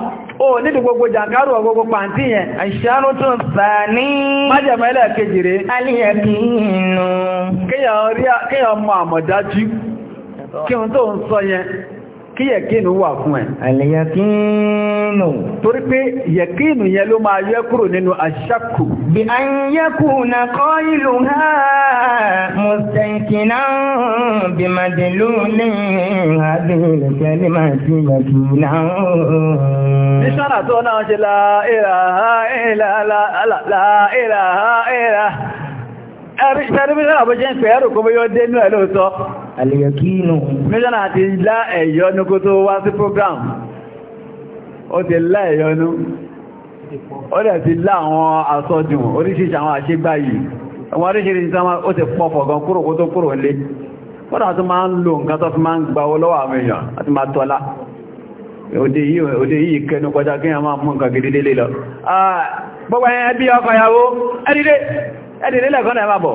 kí yẹ̀kínù wà fún ẹ̀. Àlẹ̀yẹ̀kínù. Torí pé yẹ̀kínù yẹn ló máa yẹ kúrò nínú àṣàkù. Bí a ń yẹ́kù na kọ́ ìlú ha, mo sẹ́ǹkì náà bí máa dé lónìí, àbẹ̀rẹ̀ kẹ́lẹ́ máa ti yẹ̀kì náà. Ní ṣọ́nà tó náà ṣe láìláha, ìlàláìláha, ìlà. Ẹ̀rí ṣẹ́rí bí bó ṣe ń kó bó yóò dé inú ẹ̀ àlèyàkínú mílíọ̀nà àti lá ẹ̀yọ́nú kó tó wá sí program ó ti lá ẹ̀yọ́nú ó dẹ̀ ti lá àwọn àsọjùn oríṣìíṣẹ́ àwọn àṣégbà yìí àwọn oríṣìíṣẹ́ ìsáwọ́ ó ti pọ̀ fọ̀gán kúrò kó tó kúrò lé kọ́dà tó máa ń lo nǹkan tó fi máa ń gba olówó àwọn èèyàn àti máa tọ́lá òde yìí kẹnu kọjá kí a máa mú nǹkan gidi lé lọ ah, gbogbo ẹ̀yẹn bí ọkọ̀ ìyàwó ẹ̀dìdé ẹ̀dìdé lẹ́kọ́nà ẹ̀ máa bọ̀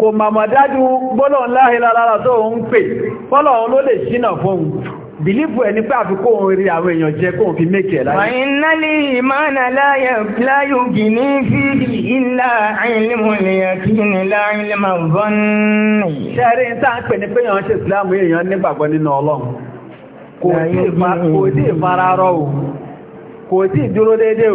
kò màmà dájú gbọ́lọ̀ láhìlára tó ń pè fọ́lọ̀ ló lè ṣínà fún bìlífù ẹni pé àfikò òun rí àwọn èèyàn jẹ kóhun fi mékẹ̀ láyé. wọ́n iná lè ìmọ́nà láyò gì ní fíìlì ilá àìlèmọ̀lẹ̀yàn kí ní láìlèmọ̀ kò tí ì fara rọ kò tí ì dúró déédéé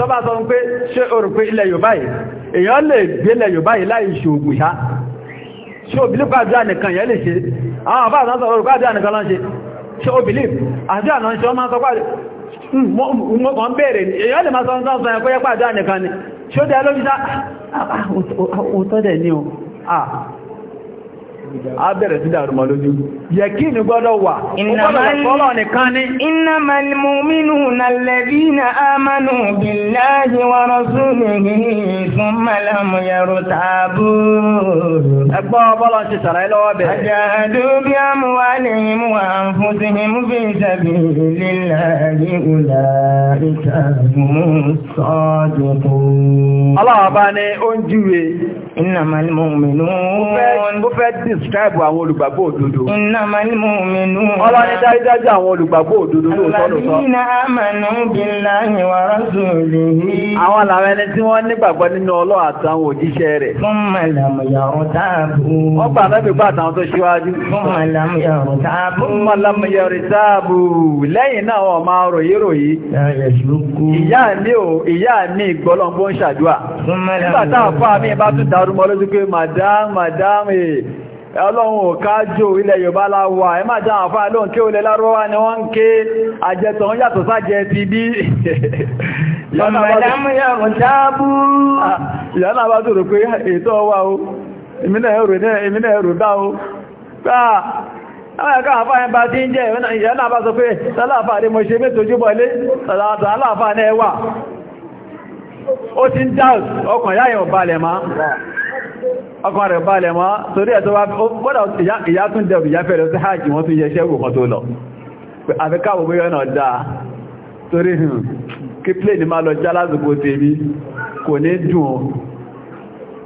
tó bá sọ pé ṣé o rò pé ilẹ̀ Yorùbá yìí èèyàn lè gbé ilẹ̀ Yorùbá yìí láì ṣògùn ṣá ṣé obìlípù àdúrà nìkan yẹn lè ṣe àwọn àbá àtànsọ orùkọ́ àdúrà nìkan lọ́n ṣe ṣé obìlípù àdúrà náà ṣe wọ́n máa á bẹ̀rẹ̀ sí dàrú mọ́ lójú yẹ̀kí ni gbọ́dọ̀ wà innamal mu'minuna alladhina amanu billahi wa rasulihi thumma lam yartabu ẹgbọ́n bọ́lọ̀ ti sàrà ní oúnjúwe innamal mu'minun fẹ́ dì describe àwọn olùgbàgbọ́ òdodo. Innamal mu'minun. Ọlọ́ni dájúdájú àwọn olùgbàgbọ́ òdodo lóòótọ́ lóòótọ́. Alladhina amanu billahi wa rasulihi. Àwọn làwọn ẹni tí wọ́n nígbàgbọ́ nínú Ọlọ́run àtàwọn òjíṣẹ́ rẹ̀. Thumma lam yartabu. Wọ́n gbà mẹ́bí bá àtàwọn tó ṣíwájú. Thumma lam yartabu. Thumma lam yartabu. Lẹ́yìn náà wọ́n máa ròyìn ròyìn. Ìyá mi ò ìyá mi ìgbọ́lọ́gbọ́n ṣàdúà. Nígbà táà fún àmì ìbá tún ọlọ́run kájò ilẹ̀ Yorùbá láwà ẹ máa jẹ́ àfáà lóhun kí o lè lárọ́wà ni wọ́n ń ké àjẹtọ̀ ń yàtọ̀ sájẹ ti bí ìyànà bá ah, ah, tó rò pé ètò ọwà o ìmìnà dá o gbáà sọ pé ó ti ń ọkàn ọkàn rẹ̀ balẹ̀ mọ́ torí ẹ̀ tó wá gbọ́dọ̀ ìyá tún dẹ̀ ìyá fẹ́ lọ sí hajj wọ́n tún yẹ ṣẹ́gbò kan tó lọ àfikàwò bóyọ́ náà dáa torí hùn hmm, kí pléèni máa lọ já lásìkò tèmi kò ní dùn ọ́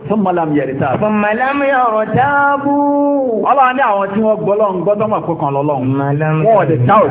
ثم لم يرتاب ثم لم يرتاب ọlọ́wọ́ ní àwọn tí wọ́n gbọ́lọ́n gbọ́dọ́mọ̀ kọkàn lọ́lọ́run wọ́n ọ̀dẹ̀ táwọ̀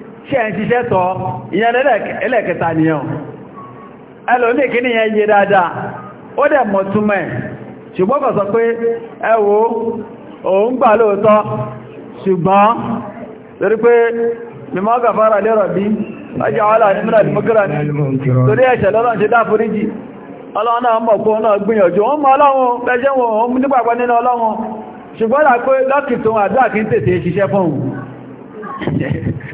ṣe ń ṣiṣẹ́ tọ́ ìyẹn ẹlẹ́kẹta nìyàn ẹlòmí kí níyẹn yé dáadáa ó dẹ̀ mọ̀ ṣùgbọ́n kọ̀ sọ pé ẹ òun gbà lóòótọ́ ṣùgbọ́n lórí pé mímọ́ gàfàrà lérọ̀ ṣùgbọ́n lọ́kìtún àdúrà kí ń tètè ṣiṣẹ́ fún òun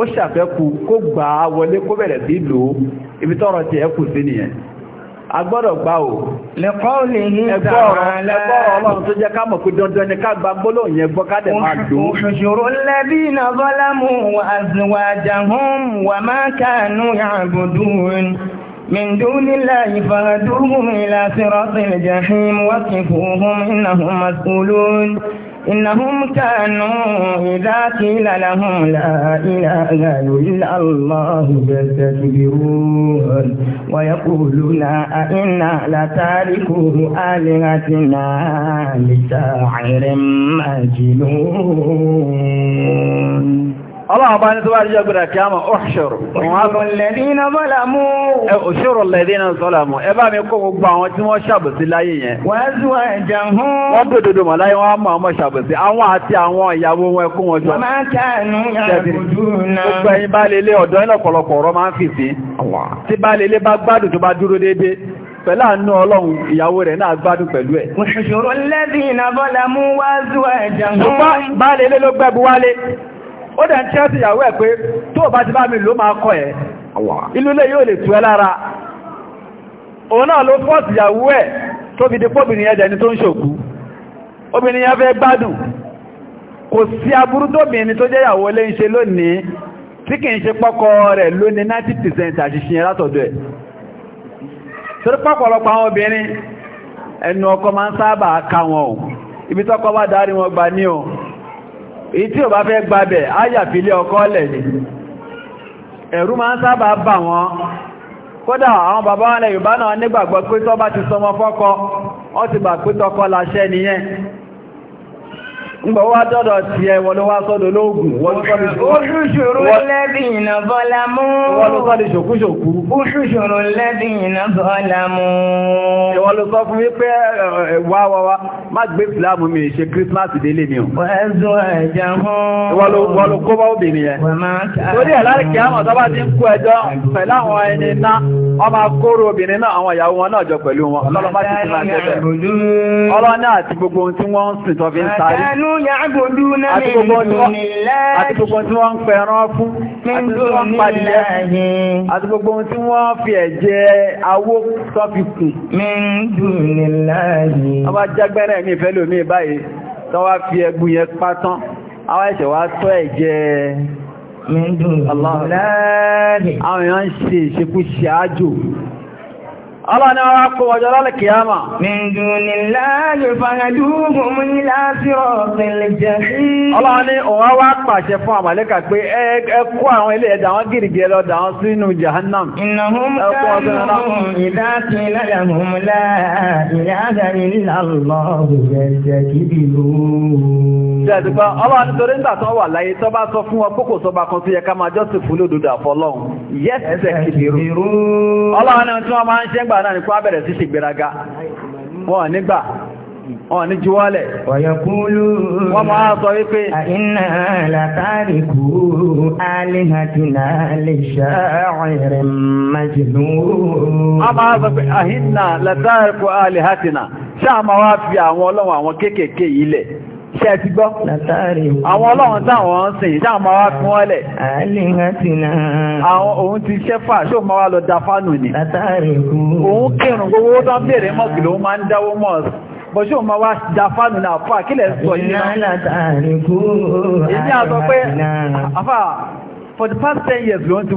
ó ṣàfẹ́kù kó gbà á wọlé kó bẹ̀rẹ̀ sí lò ó ibi tọ́rọ ti ẹkù sí nìyẹn agbọ́dọ̀ gbà ò lẹ́kọ́ọ̀lì ní ìtàrà ọlọ́run tó jẹ́ ká mọ̀ pé dandan ni ká gba gbólóhùn yẹn gbọ́ ká dẹ̀ máa dùn òṣòro lẹ́bí na zalamu wa إنهم كانوا إذا قيل لهم لا إله إلا الله يستكبرون ويقولون أئنا لتاركو آلهتنا لشاعر مجنون الله بان تبارك يقول كما احشر الذين ظلموا احشر الذين ظلموا ẹ bá mi kó gbogbo àwọn tí wọ́n ṣàbòsí láyé yẹn wazwajahum wọ́n dododo mọ̀ láyé wọ́n ma mo ṣàbòsí àwọn àti àwọn ìyàwó wọn kó wọn jọ ma kanu yabuduna gbogbo yín bá lele ọ̀dọ̀ yín lọ́pọ̀lọpọ̀ ọ̀rọ̀ ma fi sí Allah tí bá lele bá gbádùn tó bá dúró dédé pẹ̀lú àánú ọlọ́run ìyàwó rẹ̀ náà gbádùn pẹ̀lú ẹ̀. Òṣìṣòro lẹ́bìn ìnàbọ́lá mú wá zuwa ẹ̀jẹ̀ ó dẹ̀ ń tẹ́ sí ìyàwó ẹ̀ pé tó bá ti bá mi ló máa kọ́ ẹ̀ inú ilé yóò lè tú ẹ lára òun náà ló fọ́ọ̀sì ìyàwó ẹ̀ tó fi di pọ́bìnrin ẹ̀dẹ̀ ni tó ń ṣòkú obìnrin yẹn fẹ́ gbádùn kò sí aburú tóbìnrin tó jẹ́ ìyàwó lé ń ṣe lónìí tí kì ṣe 90% àṣìṣe yẹn látọ̀dọ̀ ọkọ ibi o ìtí ò bá fẹ́ gbabẹ̀ áyàfilé ọkọ lẹ̀ ni ẹ̀rù ma ń sábà bà wọ́n kódà àwọn bàbá wọn lẹ̀ Yorùbá náà nígbàgbọ́ pé tọ́ bá ti sọmọ fọ́kọ ọ ti bà pé tọkọ láṣẹ nìyẹn Ngbà wá dọ́dọ̀ ti ẹ wọ́n ló wá sọ́dọ̀ lóògùn wọ́n ló sọ́dọ̀ ṣòkúṣòkú. Oṣùṣòro lẹ́bìn iná bọ́lámú. Ìwọ́n ló sọ fún wípé wá wá wá má gbé fìlàmù mi ṣe Christmas délé mi o. Wẹ́zọ́ ẹ̀já hàn. Ìwọ́n ló kó bá obìnrin yẹn. Torí ẹ̀ láti kí àmọ̀ tọ́bá ti wọ́n máa ń يعبدون àti gbogbo tí wọ́n ń fi ẹ̀jẹ̀ awó sọ́fikù min duni llahi ọba jágbẹ́rẹ̀ ní ìfẹ́lò báyìí tọ́ wá fi ẹgbù yẹn pátán àwọn ẹ̀ṣẹ̀ wá tọ́ ẹ̀jẹ̀ min duni llahi àwọn Allah aláàrin ara kó ọjọ́ lálẹ̀ kìyàmà. Mìndù ni láàrin fàyàdúhùn ní láàfíọ̀ pẹ̀lẹ̀ jẹ́ sí. Aláàrin òun wá pàṣẹ fún àmàlẹ́kà pé ẹ kó àwọn ilé ẹ̀dà wọn gìrìgìrì lọ́dà wọn sínú jahannam. Ìnáhùn káàkùn ìdákin lálẹ́hùn láàrin ìyá Ọlọ́run tí wọ́n máa ń ṣẹ́gbà gbà náà ni kó bẹ̀rẹ̀ sí ṣègbéraga wọ́n nígbà wọ́n ní juwọ́lẹ̀ wọ́n máa sọ wípé látàríkù lè ṣàrẹ̀ mẹ́jìlú a máa sọ pé àìnà látàríkù alìhàtìnà wá fi àwọn ọlọ́wọ̀ àwọn Ṣé ti gbọ́? Látàrí. Àwọn ọlọ́run táwọn ń sìn ìṣá máa wá fún ọlẹ̀. Àlìhàtìnà. Àwọn òun ti ṣó wá lọ da fánù ni. Látàrí kú. Òun kírun gbogbo tó ń bèèrè máa ń dáwó Bọ̀ ṣó máa wá da fánù náà fún àkílẹ̀ sọ yìí. Iná látàrí kú. Ìyá sọ pé for past ten years ti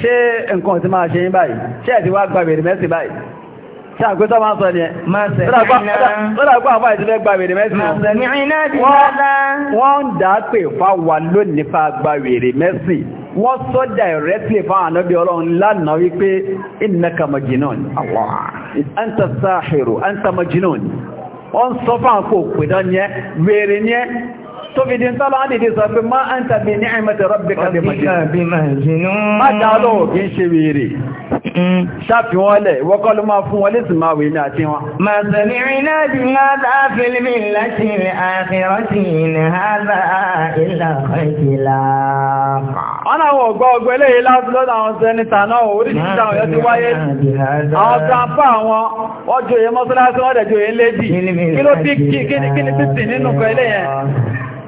ṣé nǹkan ti máa ṣe yín báyìí ṣé ẹ̀ ti wá gba bèrè mẹ́sì báyìí ṣe àgbétọ́ máa sọ ni ẹ lọ́dà àwọn ìdílé gba bèrè mẹ́sì wọ́n ń dà pé lónìí fa gba bèrè mẹ́sì wọ́n sọ directly fáwọn ànábì ọlọ́run lánàá anta sahiru anta majnun wọ́n sọ fáwọn kò pè dán tó fi dín tọ́lá dìde sọ pé máa ń tàbí ní àìmọ́tẹ̀ rọ́bìkà bí mọ̀jínú má dáadọ́ kí ń ṣe wèrè mm. ṣàfihànlẹ̀ wọ́kọ́lù máa fún wọn lẹ́sìn máa wèrè àti wọn. Wọ́n àwọn ọ̀gbọ́ ọgbọ́ eléyìí lásìlọ́dà àwọn sẹ́nìtà náà oríṣìíta ọ̀yọ́ ti wáyé. Àwọn tàbá àwọn ọjọ́ èyẹ mọ́sílásí wọ́n dẹ̀jọ́ èyẹ lédì. Kí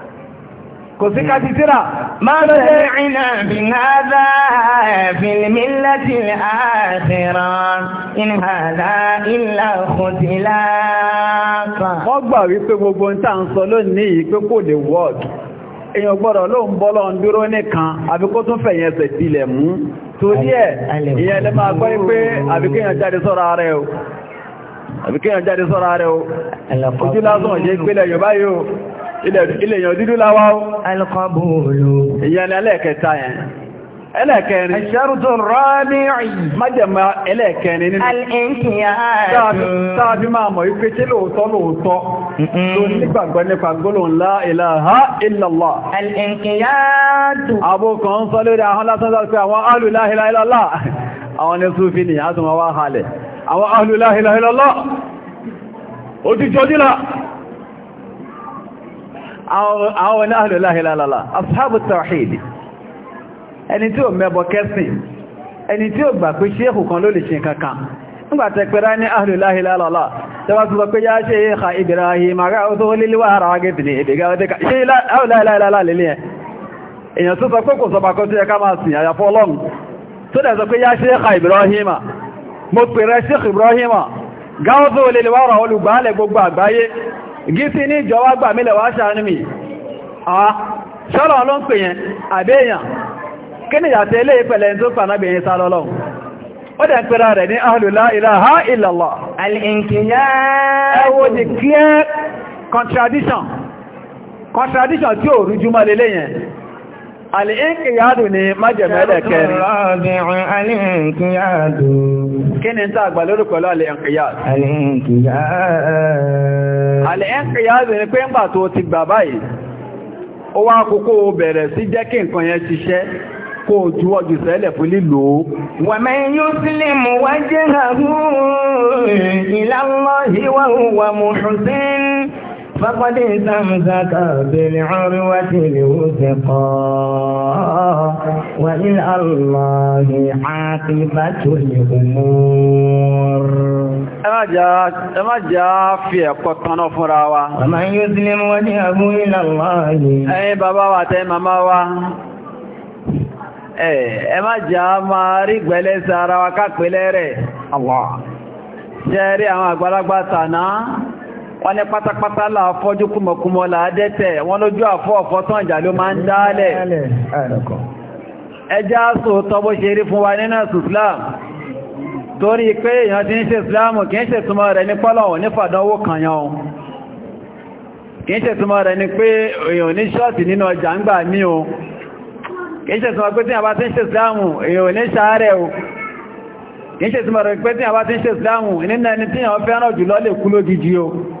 kò sí ká ti síra. máa lọ sí ìrìnà bí hádà fìlìmí láti àṣírà inú ìlà òkùtìlá kan. wọ́n gbà wípé gbogbo ń tà ń sọ lónìí pé kò lè wọ́ọ̀dù èèyàn gbọ́dọ̀ ló ń bọ́lọ̀ ń dúró nìkan àbí kó tún fẹ̀yìn ẹsẹ̀ tilẹ̀ mú torí ẹ̀ ìyẹn lè máa gbọ́ pé àbíkéyàn jáde sọ́ra rẹ̀ o àbíkéyàn jáde sọ́ra rẹ̀ o ojú lásán òjé ìpínlẹ̀ Yorùbá yóò ilẹ̀ èèyàn dúdú láwá ó alkọbùlù èèyàn ni ẹlẹ́ẹ̀kẹta yẹn ẹlẹ́ẹ̀kẹrin ẹ̀ṣẹ́rùtò rọ́bìnrin májẹ̀mọ́ ẹlẹ́ẹ̀kẹrin nínú sáàbí máa mọ̀ ipé tí lóòótọ́ lóòótọ́ tó nígbàgbọ́ nípa gbólóhùn la ilaha illallah alẹ́ẹ̀kẹyàtù àbókan ń sọ lórí àwọn lásán pé àwọn ahlu la àwọn ní ahlu la ilaha illallah ashabu tawhid ẹni tí ó mẹ́bọ kẹ́sìn ẹni tí ó gbà pé ṣéèkù kan ló lè ṣe kankan nígbàtẹ̀ pẹ̀rá ní ahlu la ilaha illallah tẹwà tó pé yá ṣe ìhà Ibrahim ara ó tó lè wà ara gẹ̀ẹ́dìlẹ̀ ìdíga ọdẹ́ka ṣe ahlu la ilaha illallah gáwọ́ tó lè wà olùgbàálẹ̀ gbogbo àgbáyé gífí ní ìjọwà gbà mílẹ̀ wá ṣàánú mi àá ṣọ́lọ̀ ló ń pè yẹn àbẹ́yàn kí ni ìyàtẹ̀ ilé ìpẹ̀lẹ̀ tó pànábìnrin sá lọ́lọ́ ó dẹ̀ pẹ̀lá rẹ̀ ní ahlu la contradiction contradiction tí ò rújúmọ́ Àlìíkìyàdù ni májẹ̀mẹ́lẹ̀ ni tá àgbà lórí pẹ̀lú àlìíkìyàdù? Àlìíkìyàdù. Àlìíkìyàdù ni pé ń bà tó ti gbà báyìí. Ó wá kókó bẹ̀rẹ̀ sí jẹ́ kí nǹkan yẹn ṣiṣẹ́ kó juwọ́ jù sẹ́lẹ̀ fún lílò ó. Wa man yuslim wajhahu ila Allahi wa huwa muhsin. فقد استمسك بالعروة الوثقى وإلى الله عاقبة الأمور ẹ má jà fi ẹ̀kọ́ kaná fúnra wa. ọmọ yóò sílé mọ́ ní àbú ìlà láàáyé. ẹ̀yin bàbá wa tẹ́ màmá wa ẹ má jà máa rí gbẹ̀lẹ́ sára wa kápẹ́lẹ́ rẹ̀. ṣẹ́rí àwọn àgbàlagbà tànáà wọ́n ní pátápátá láà fọ́jú kúmọ̀kúmọ̀ láà dẹ́tẹ̀ wọ́n lójú àfọ́ ọ̀fọ́ tán ìjà ló máa ń dálẹ̀ ẹjá sóòtọ́ bó ṣe rí fún wa nínú Islam torí pé èèyàn ti ń ṣe Islam kì í ṣe túnmọ̀ rẹ̀ ní pọ́lọ̀wọ̀ ní fàdánwò kànyàn kì í ṣe túnmọ̀ rẹ̀ ní pé èèyàn ní ṣọ́ọ̀tì nínú ọjà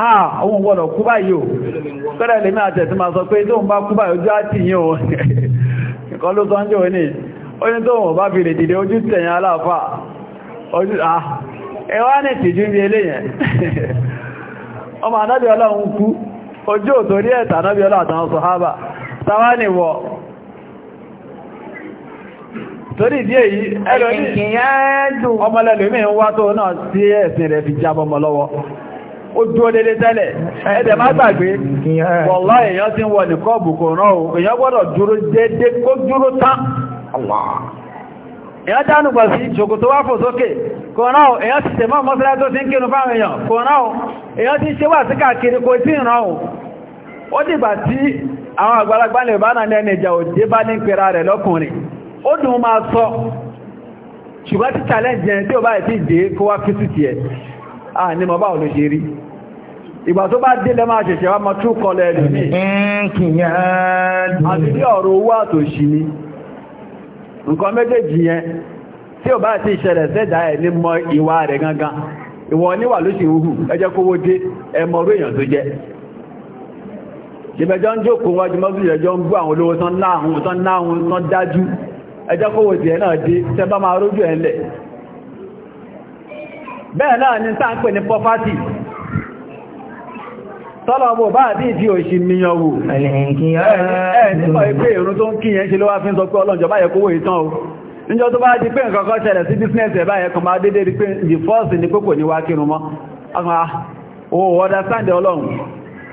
ah ohun gbọ́dọ̀ kú báyìí o kọ́dẹ̀ lè máa tẹ̀sí ma sọ pé tóun bá kú báyìí ojú á tì yín o ni, ló sọ́njẹ́ òní bá fi lè dìde ojú tẹ̀yìn aláàfà ah torí torí ìdí èyí ẹlòmí ọmọlẹ́lòmí ń wá tó náà sí ẹ̀sìn rẹ̀ fi jábọmọ lọ́wọ́ ó dúró dédé tẹ́lẹ̀ ẹ̀dẹ̀ má gbàgbé wọ̀lá èèyàn ti ń wọ nìkọ́ òbùkò náà èèyàn gbọ́dọ̀ dúró dédé kó dúró tán èèyàn dánù pọ̀ sí ṣòkò tó wá fò sókè kòráò èèyàn ti tẹ̀mọ́ ti ń kínú fáwọn èèyàn kòráò èèyàn ti ṣe wà o káàkiri kò tí ìran ohun ó dìgbà tí àwọn àgbàlagbà lè bá náà lẹ́nu ìjà òdé bá challenge tí ó dé kó wá sí ti ẹ̀ a ah, ní mọ̀ bá olóṣe rí ìgbà tó bá délẹ̀ máa ṣẹ̀ṣẹ̀ wá mọ́ tún kọlẹ̀ ẹlùmí àti ní ọ̀rọ̀ owó si ni nkan méjèèjì yẹn tí o bá ti ṣẹlẹ̀ sẹ́dá ẹ̀ ni mọ iwa gangan ìwọ níwà ló sì hù ń jókòó wájú ń àwọn olówó tán tán dájú náà dé máa rójú bẹ́ẹ̀ náà ni tá ń pè ní pọ́fátì tọ́lọ̀bọ̀ bá àti ìdí òṣì níyànwò ẹ̀ nípa ìpé ìrún tó ń kíyàn ṣe ló wá fi ń sọ pé ọlọ́njọ́ báyẹ̀ kówó ìtàn o níjọ́ tó bá ni pé kò ní o oh, understand ọlọ́run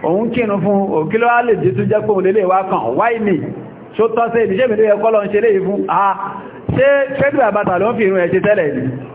òun kírun fún òkí ló wá lè jẹ́ tó jẹ́ pé òun lè wá kan wáì ní ṣó tọ́ sí ìdíṣẹ́ mi ló yẹ kọ́ lọ ń ṣe léyìí ah, àbátà ló ń fi ìrún ẹ̀ tẹ́lẹ̀ yìí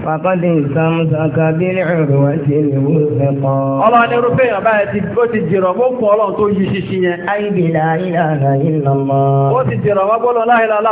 fàkọ́dé ìsàmùsàkà bí ìrìnrìn wá sí ìlú ẹ̀kọ́. ọlọ́ni irúfẹ́ èèyàn báyẹ̀ ti jìrọ̀ mọ́ ọlọ́run tó yí ṣíṣí yẹn. àìdè láìláà ìlàmọ́. ó ti jìrọ̀ mọ́ bọ́lọ̀ láìláà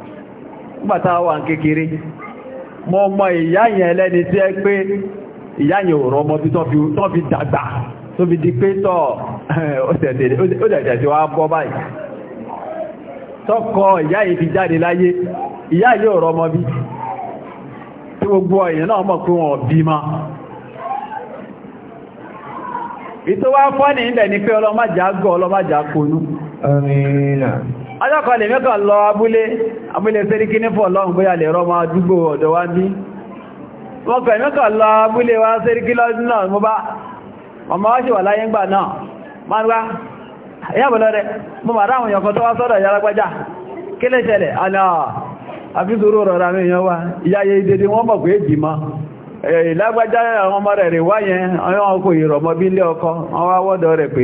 nígbàtà wà ń kékeré mọ́ ọmọ ìyá yẹn lẹ́ni tí ẹ pé ìyá yẹn ò rọmọ bí tọ́ fi dàgbà tó fi di pé tọ́ ó dẹ̀dẹ̀ tí wá bọ́ báyìí tọ́kọ ìyá yìí fi jáde láyé ìyá yìí ò rọmọ bí tí gbogbo èèyàn náà mọ̀ pé wọn bí ma ìtọ́wà fọ́nì ilẹ̀ ni pé ọlọ́májà gọ́ ọlọ́májà konú àmín lè mẹ́kàn lọ abúlé abúlé sẹ́ríkí ní fọ́ lọ́n bóyá lè rọ́ máa dúgbò ọ̀dọ̀ wá bí wọ́n kọ̀ mẹ́kàn lọ abúlé wá sẹ́ríkí lọ́dún náà bá ṣe wà láyé náà wa ìlágbájá àwọn ọmọ rẹ̀ rẹ̀ wáyẹn ọkọ ìrọ̀mọ́bí lé ọkọ wọ́n wọ́dọ̀ rẹ̀ pé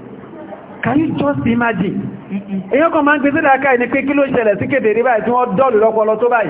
can you just imagine èyàn kan máa ń gbé sídàkà ẹni pé kí ló ṣẹlẹ̀ sí kèdè rí báyìí tí wọ́n dọ́ọ̀lù lọ́pọlọ tó báyìí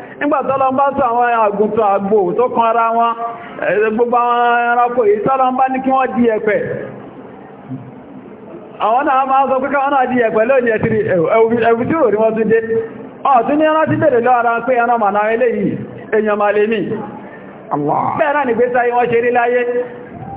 nígbàtọ́lọ ń bá sọ àwọn àgùntàn àgbò tó kan ara wọn eh, gbogbo àwọn ẹranko yìí ń bá ní kí wọ́n di ẹ̀pẹ̀ àwọn náà máa sọ píkà náà di ẹ̀pẹ̀ lónìí ẹ̀tìrì ẹ̀wù ara pé ẹran màná eléyìí èèyàn màlè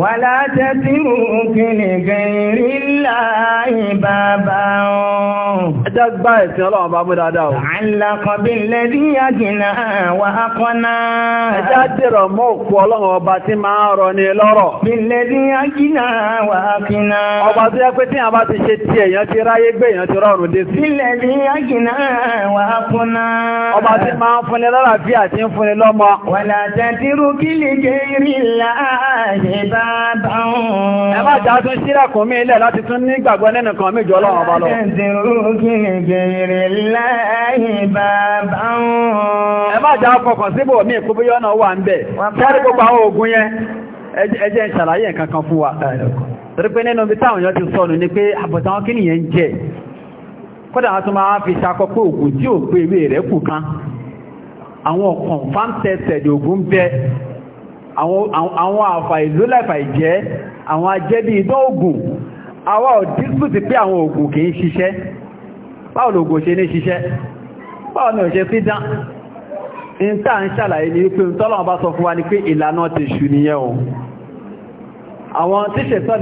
wàlá tẹ́sírù kìnnì gẹ̀rì láì bàbá ọ̀hún. ẹjá gbá ẹ̀sìn ọlọ́run bá mú dáadáa o. àlàkọ̀bí lẹ́dí àjìnà wà á kọ́nà. ẹjá dèrò mọ́ òkú ọlọ́run ọba tí máa ń rọ ní lọ́rọ̀. bí lẹ́dí àjìnà wà á kìnà. ọba tó yẹ ọba tí máa Ẹ má jà tún ṣílẹ̀kùn mí ilẹ̀ láti tún ní ìgbàgbọ́ nínú kan méjì ọlọ́run ọba lọ. Ẹ má síbò mí náà wà ń bẹ̀. Kẹ́rí gbogbo àwọn ogun yẹn, ẹ ìṣàlàyé nǹkan kan fún wa. Torí pé nínú ibi táwọn èèyàn ti sọnù ni pé jẹ. tún máa fi tí ò pé ewé rẹ̀ kù kan. Àwọn confam àwọn àfà ìlú láìfà ìjẹ́ àwọn ajẹ́bí ìdán ògùn àwa ò dísùtì pé àwọn ògùn kìí ṣiṣẹ́ báwo lògùn ṣe ní ṣiṣẹ́ báwo ni ò ṣe fi dán in tá ń ṣàlàyé ní wípé tọ́lọ́wọ́ bá sọ fún wa ní pé ìlànà ti ṣù nìyẹn o àwọn tí ṣètọ́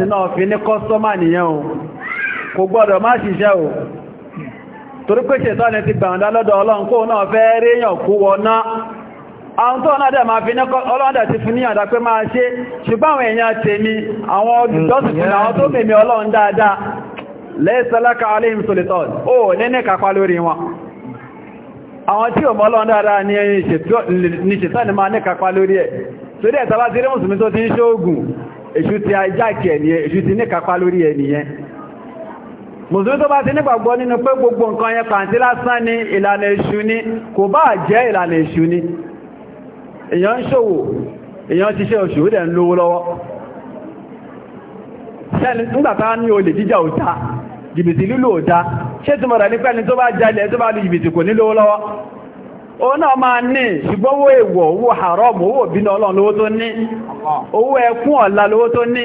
àwọn tó náà dẹ̀ máa fi ní ọlọ́dẹ̀ ti fún ní àdá pé máa ṣe ṣùgbọ́n àwọn èèyàn tèmi àwọn olùdọ́sùn àwọn tó mèmí ọlọ́run dáadáa lẹ́ẹ̀sẹ́láka aléhìm solitọ́ ó nínú ìkàpá lórí ni máa ní ìkàpá lórí ẹ̀ torí ẹ̀ta bá ti rí mùsùlùmí tó ti ń ṣóògùn èṣù ti ajáàkì ẹ̀nìyẹn èṣù ti ní ìkàpá lórí ẹ̀nìyẹn mùsùlùmí tó bá ti nígbàgbọ́ nínú pé gbogbo nǹkan yẹn lásán ni ìlànà èṣù kò bá jẹ́ ìlànà èṣù èyàn ṣòwò èyàn ti ṣe oṣù rẹ̀ ń lówó lọ́wọ́ nígbàtá ní olè jíjà òta jìbìtì lílò òta ṣé tí mọ̀rọ̀ nípa ẹni tó bá jalẹ̀ tó bá lu jìbìtì kò ní lówó lọ́wọ́ ó náà máa ní ṣùgbọ́n owó èwọ̀ owó haram owó òbínú ọlọ́run lówó tó ní owó ẹkún ọ̀la lówó tó ní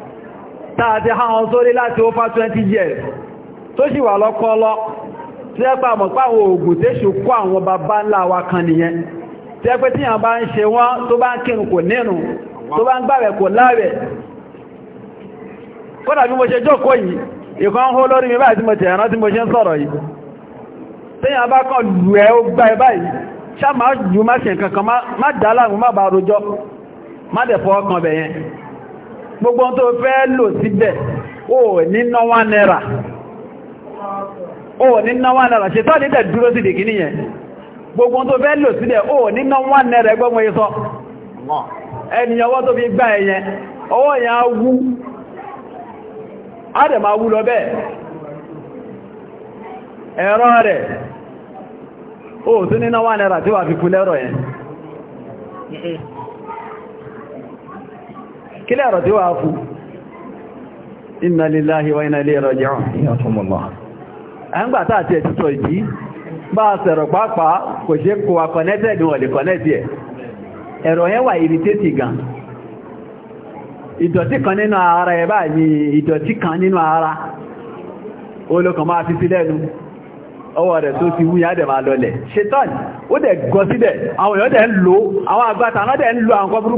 táà ti há wọn sórí láti over 20 years tó sì wà lọ́kọ́lọ́ tí ẹ pàmọ̀ páwọn ògùn tí èṣù kó àwọn bàbá ńlá wa kan nìyẹn tí ẹ pé tí yàn bá ń ṣe wọ́n tó bá ń kírun kò nínú tó bá ń gbàwẹ̀ kò láwẹ̀ kódà bí mo ṣe jókòó yìí ìkan hó lórí gbogbo tó fẹ́ lò síbẹ̀ ó ní náwà náírà ó ṣe tọ́ nílẹ̀ dúró sí dìkì níyẹn gbogbo tó fẹ́ lò síbẹ̀ ó ní sọ ẹniyàn tó fi gbá ọwọ́ yẹn wú wú lọ bẹ́ẹ̀ ẹ̀rọ rẹ̀ tún tí wà fi kú lẹ́rọ yẹn kílẹ̀ ọ̀rọ̀ tí inna lillahi wa inna ilayhi raji'un àyíngbàtà àti ẹ̀títọ̀ ìdí bá sẹ̀rọ̀ pàápàá kò ṣe kò connected gan Idoti kan n'inu ara idoti kan n'inu ara máa fi sílẹ̀ nù to si tó ti wúyá dẹ̀ máa lo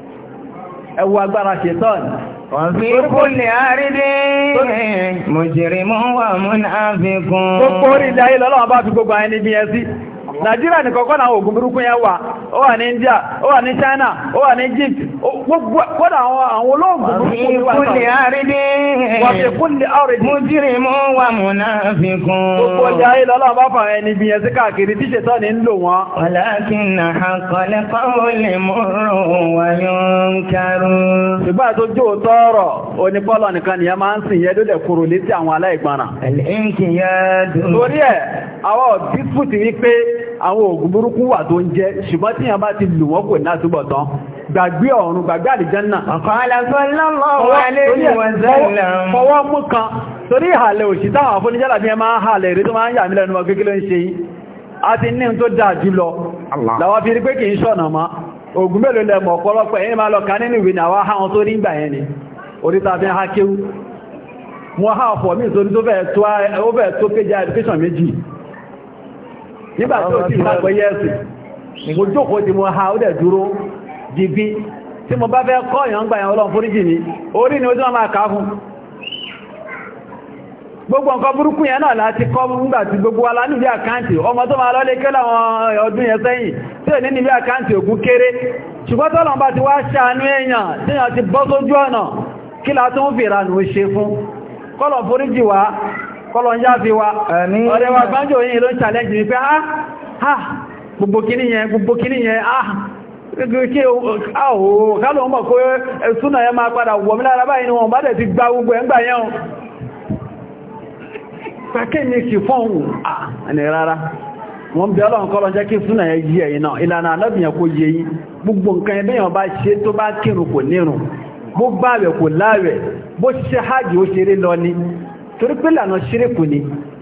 ẹwọ agbára ṣetán Òfíkúlẹ̀ àrídé mùjìrìmú wà múnáfikún. Gbogbo orí ilẹ̀ ayé lọ́lọ́wọ́ bá fi gbogbo ayé níbi ẹ sí. Nigeria ni kọkọ na ogun burúkú yẹn wà ó wà ní India ó wà ní China ó wà ní Egypt kódà àwọn olóògùn burúkú wà ní àrídé wọ́n fi kúlẹ̀ àrídé mújírí wà mú náà fi kún gbogbo ọjà ilẹ̀ ọlọ́ọ̀bá fà ẹni bí káàkiri ní ń lò wọ́n. lè nìkan nìyẹn máa ń sìn yẹn kúrò létí àwọn aláìgbọràn. yá dùn. torí àwọn àwọn ògùn burúkú wà tó ń jẹ́ ṣùgbọ́n tí yàn bá ti lù wọ́n kò náà túbọ̀ tán gbàgbé ọ̀run gbàgbé àlìjánà fọwọ́ mú kan torí ìhàlẹ̀ òṣìtá àwọn afúnijẹ́lá bí ẹ máa ń hàlẹ̀ èrè tó máa ń yà mílẹ̀ ẹnu kékeré ń ṣe yí a ti ní tó dáa jùlọ láwá fi rí pé kì nígbà tí ó sì lágbọ́ yẹ́sì ìgbò jókòó ti mọ́ ha ó dẹ̀ dúró dìbí tí mo bá fẹ́ kọ́ ìyàn gbà ìyàn ọlọ́run fóríjì orí ni ó tí wọ́n máa ká gbogbo nǹkan burúkú yẹn náà láti kọ́ nígbà tí gbogbo wa lánìí bí ọmọ tó máa lọ́lé kẹ́lá ọdún yẹn sẹ́yìn tí ò ní àkáǹtì kéré ṣùgbọ́n bá ti wá ṣàánú èèyàn tí èèyàn ti bọ́ sójú ọ̀nà kí la tó ń fèrà nù ṣe kọ́lọ̀ ń yá fi wa ọ̀rẹ́ wa gbájò yìí ló ń challenge ní pé ha ah, ah, gbogbo kìíní yẹn gbogbo kìíní yẹn ah gbogbo ahò kálò mọ̀ pé ẹ̀sùnà yẹn máa padà wọ̀ mí lára báyìí wọn bá dẹ̀ ti gba gbogbo ẹ̀ngbà yẹn pẹ̀kẹ́ ní kì fọ́n ẹni rárá wọ́n bí ọlọ́run kọ́lọ̀ jẹ́ kí súnà yẹ yí ẹ̀yìn náà ìlànà alábìyàn kó yẹ yí gbogbo nǹkan ẹbẹ́yàn bá ṣe tó bá kírun kò nírun bó gbáwẹ̀ kò láwẹ̀ bó ṣe hajj ó ṣeré lọ ní torí pé lànà ṣíríkù ni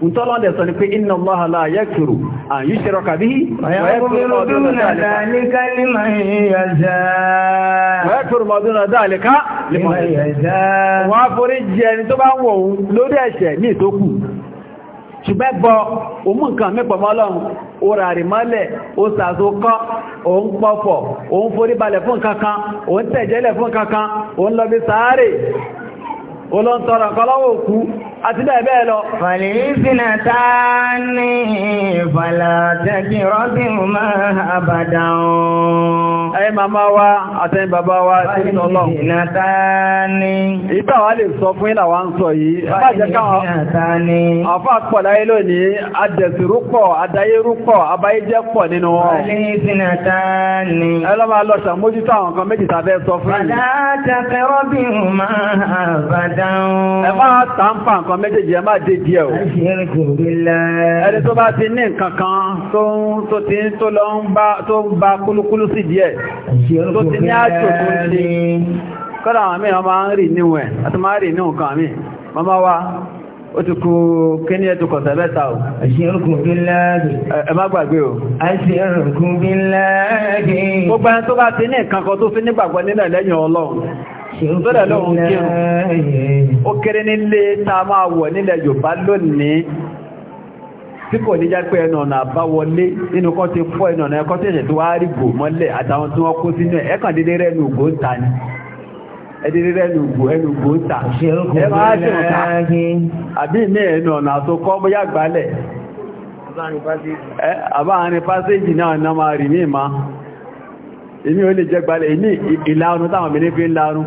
ntọ́lọ́dẹ̀ sọ ni pé inna Allaha la yaghfiru an yushraka bihi wa yaghfiru ma duna dhalika liman yasha' wọ́n forí jẹ ẹni tó bá wọ̀ òun lórí ẹ̀ṣẹ̀ ní òun pọ̀fọ̀ òun forí balẹ̀ fún kankan òun tẹ̀jẹ́lẹ̀ fún kankan òun lọ bí sáárè olóntọ́rọ̀ kọlọ́wọ́ òkú àti bẹ́ẹ̀ bẹ́ẹ̀ lọ. Fàlìsínà táà ní ìfàlà tẹ́kì rọ́bìn máa àbàdàn àtẹ́yìn màmá wa àtẹ́yìn bàbá wa tí ń lọ́lọ́ ìtàwà lè sọ fún ìlàwà ń sọ yìí bájẹ́ káwọn àfá pọ̀ láyé lónìí adẹ̀sìrú pọ̀ adáyérú pọ̀ abáyéjẹ́ pọ̀ nínú wọn ẹlọ́mà lọ ṣàmójútó àwọn kan méjì tàbẹ́ sọ fún ẹni tó bá ti ní nǹkan kan tó ń bá kúlúkúlú sí díẹ̀ tó ti ní àjò tó ń ṣe kọ́dà àwọn mìíràn máa ń rí níwẹ̀ àti máa rí ní nǹkan mi mama wa ó ti kú kí ní ẹ̀tù kọ̀sẹ̀ mẹ́ta o ṣírùkù bí láàájì ẹ má gbàgbé o a ṣírùkù bí láàájì gbogbo ẹni tó bá ti ní nǹkan kan tó fi nígbàgbọ́ nílẹ̀ lẹ́yìn ọlọ́run Bẹ́rẹ̀ lọ́run kírùn-ún, ó kéré nílé ta máa wọ̀ nílẹ̀ Yorùbá lónìí tí kò ní jẹ́ pé ẹnu ọ̀nà àbáwọlé nínú kan ti fọ́ ẹnu ọ̀nà ẹ̀kọ́ tẹ̀sẹ̀ tó wá rí gò mọ́lẹ̀ àtàwọn tí wọ́n kó sínú ẹ̀ ẹ̀kàn dédé rẹ̀ nù ògbó ń ta ni ẹdínlẹ́ ẹnu ògbó ẹnu ògbó ń ta ẹ máa ṣe ọ̀ta àbí ní ẹnu ọ̀nà àtòkọ́ bóyá gbálẹ̀ àbá àárín páséjì náà náà máa rí ní ìmá èmi ò lè jẹ́ gbálẹ̀ ìní ìlàrun táwọn mẹ́lẹ́fẹ́ ńlárun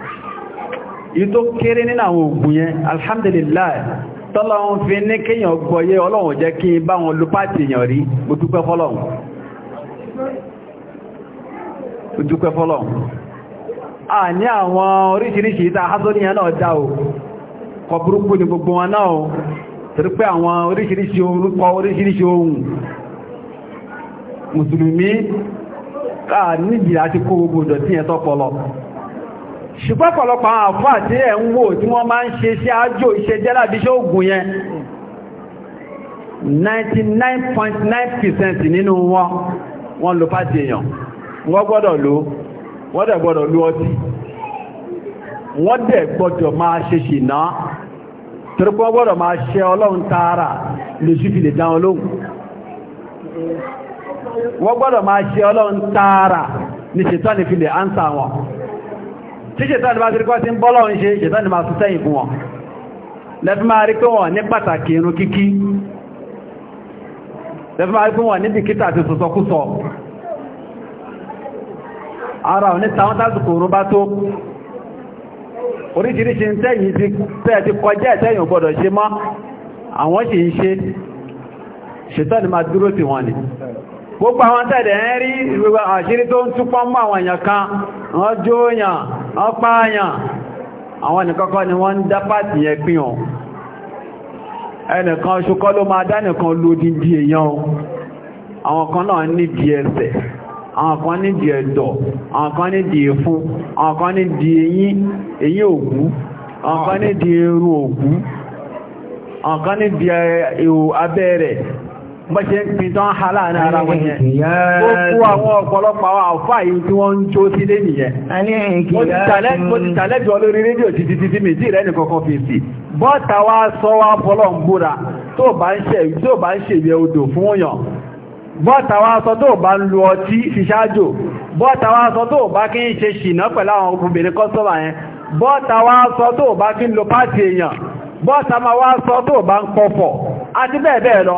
ìtó kéré nínú àwọn ògùn yẹn alhamdulillah tọ́lọ wọn fi ní kíyàn gbọ́yé ọlọ́run jẹ́ kí bá wọn ló pàtì èèyàn rí mo dúpẹ́ fọ́lọ́run a ní àwọn oríṣiríṣi ìta hasoniyan náà dá o kọ burúkú ni gbogbo wọn náà o torí pé àwọn oríṣiríṣi orúkọ oríṣiríṣi ohun mùsùlùmí káà níbi àti kó gbogbo ìdọ̀tí yẹn tọ́pọ̀lọ́ ṣùgbọ́n pọ̀lọpọ̀ àwọn àfáà tí ẹ̀ ń wò tí wọ́n máa ń ṣe sí àjò iṣẹ́ jẹ́lábí ṣe ògùn yẹn 99.9% nínú wọn wọ́n lo pàtí èèyàn wọ́n gbọ́dọ̀ lo wọ́n dẹ̀ gbọ́dọ̀ lo ọtí wọ́n dẹ̀ gbọ́dọ̀ máa ṣe ṣìná torí pé wọ́n gbọ́dọ̀ máa ṣe ọlọ́run tààrà lóṣù fi lè dáwọn lóhùn wọ́n gbọ́dọ̀ máa ṣe ọlọ́run tààrà ní ṣètọ́ ní fi lè áńsà wọn tí ṣètàní bá ṣe kọ́ sí ń bọ́lọ̀ ń ṣe ṣètàní máa tún sẹ́yìn fún wọn lẹ́fí máa rí pé wọ́n ní pàtàkì irun kíkí lẹ́fí máa rí pé wọ́n ní bìkítà àti sọ̀sọ̀kúsọ ara ò ní tàwọn tásìkòrò bá tó oríṣiríṣi tẹ́yìn ti kọjá ẹ̀tẹ́yìn gbọ́dọ̀ ṣe mọ́ àwọn sì ń ṣe ṣètàní máa dúró tì wọ́n ni gbogbo àwọn tẹ́ẹ̀dẹ̀ ń rí àṣírí tó ń túpọ̀ mọ́ àwọn èèyàn kan wọ́n jó yàn ọpá àyàn àwọn ẹnìkọ́kọ́ ni wọ́n ń dá pàtì yẹn pín ọ̀ ẹnìkan ṣokọ́ ló máa dánìkan lódí di èèyàn àwọn kan náà nídìí ẹsẹ̀ àwọn kan nídìí ẹ̀dọ̀ àwọn kan nídìí ẹ̀fún àwọn kan nídìí eyín eyín ògú àwọn kan nídìí ẹrù ògú àwọn kan nídìí abẹ́rẹ̀ bọ́ ṣe ń pin tán ha láàrin ara wọn yẹn ó kú àwọn ọ̀pọ̀lọpọ̀ àwọn àfà yìí tí wọ́n ń jó sílé nìyẹn mo ti tàlẹ́jọ́ lórí rédíò títí títí mi tí ìrẹ́nì kankan fi sí bọ́ta wá sọ wá fọlọ́ ń búra tó bá ń ṣèwé odò fún òyàn bọ́ta wá sọ tó bá ń lu ọtí ṣiṣájò bọ́ta wá sọ tó bá kí ń ṣe ṣìnà pẹ̀lú àwọn obìnrin kọ́sọ́bà yẹn bọ́ta wá sọ tó bá kí ń lo pàtì èèyàn bọ́ta wá sọ tó bá ń pọ̀fọ̀ àti bẹ́ẹ̀ bẹ́ẹ̀ lọ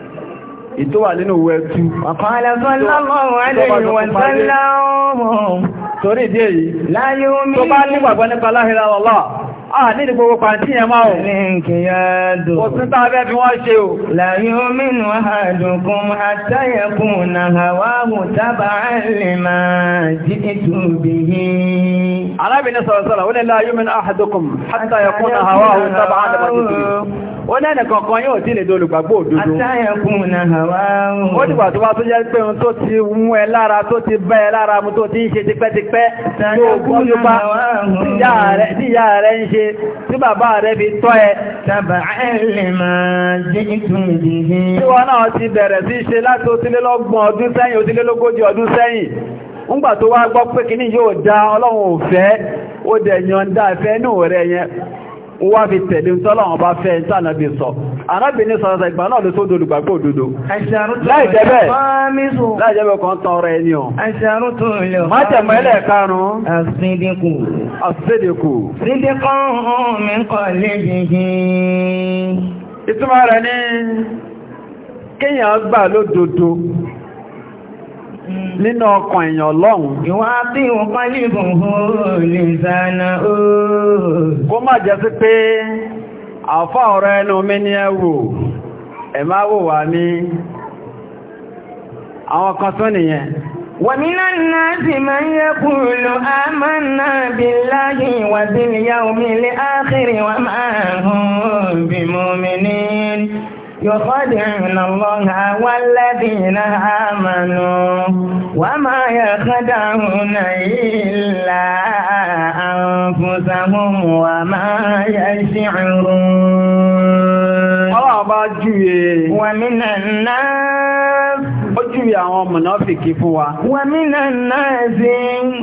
ìtó wà nínú owó ẹtú torí ìdí èyí tó bá nígbàgbọ́ nípa láhìlá ọlọ́ọ̀ Ah, nílùú gbogbo pàntí ẹmá ò ní kìyà dò kò sí tàà bẹ́ẹ̀ bí wọ́n ṣe ò láyé mínú àdùnkún àtàyẹ̀kùn na hawahu tábà lèmà jí ìtùbí alábìnrin sọ̀rọ̀sọ̀rọ̀ wọ́n lẹ́lá yóò mínú àdùnkún àtàyẹ̀kùn na hawahu tábà lèmà jí ìtùbí ó lẹ́nì kankan yóò tí lè dolù gbàgbọ́ òdodo. àtàyẹ̀kùn náà wá ń. ó dìgbà tó bá tó jẹ́ pé ohun tó ti mú ẹ lára tó ti bá ẹ lára mu tó ti ń ṣe tipẹ́tipẹ́. àtàyẹ̀kùn náà wá tí ìyá rẹ̀ ń ṣe ṣe tí bàbá rẹ̀ fi tọ́ ẹ. Tàbà ẹ̀lẹ̀ máa jẹ́ ìtún ìdíje. Tí wọn náà ti bẹ̀rẹ̀ sí ṣe láti òtílélọ́gbọ̀n ọdún sẹ́yìn, òtílélógójì ọdún sẹ́yìn. Ńgbà tó wá gbọ́ pé kìíní yóò da Ọlọ́run ò ó dẹ̀ yọ̀ǹda ìfẹ́ inú rẹ̀ yẹn wá fi tẹ̀lé tọ́lọ́wọ́n bá fẹ́ ìtànàbí sọ. arábìnrin sọ̀rọ̀sọ̀ ìgbà náà ló tó dolùgbàgbò òdodo láìjẹ́bẹ̀ láìjẹ́bẹ̀ kan tán rẹ ní ọ. májẹ̀mọ́ ilẹ̀ karùn-ún àṣídìkù ìtumọ̀ rẹ̀ ní kíyàn gbà lódodo Hmm. nínú ọkọ̀ èèyàn lọ́hùn. Ìwọ́n tí wọ́n pá lébùn lè ooo. Kó má jẹ́ sí pé àfá ọ̀rọ̀ ẹnu mi ní ẹwò, ẹ wò wà ní àwọn kan tó nìyẹn. يخدعون الله والذين آمنوا وما يخدعون إلا أنفسهم وما يشعرون ومن الناس júwe àwọn mùnáfìkì fún wa. Wa minan nasi.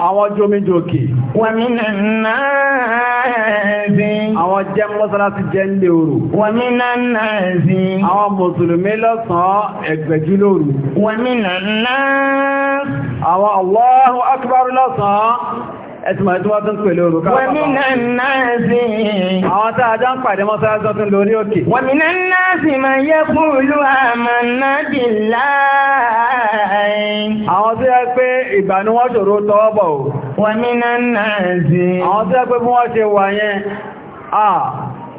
Àwọn jómijòkè. Wa minan nasi. Àwọn jẹ́ mọ́sálásí jẹ́ ńlẹ̀ òru. Wa minan nasi. Àwọn mùsùlùmí lọ́sàn-án ẹgbẹ̀jú lóru. Wa minan nasi. Àwọn Allahu akbar lọ́sàn ẹ̀tùmọ̀ tí wọ́n tún pẹ̀lú orù káàkiri. wàmínà náà sí. àwọn tí a jọ ń pàdé mọ́sáájọ́ tún lórí òkè. wàmínà náà sì máa yẹ kúrú àmàna bìlá. àwọn tí a pé ìgbà ni wọ́n ṣòro tọwọ́ bọ̀ o. wàmínà náà sí. àwọn tí a pé bí wọ́n ṣe wà yẹn. Ah,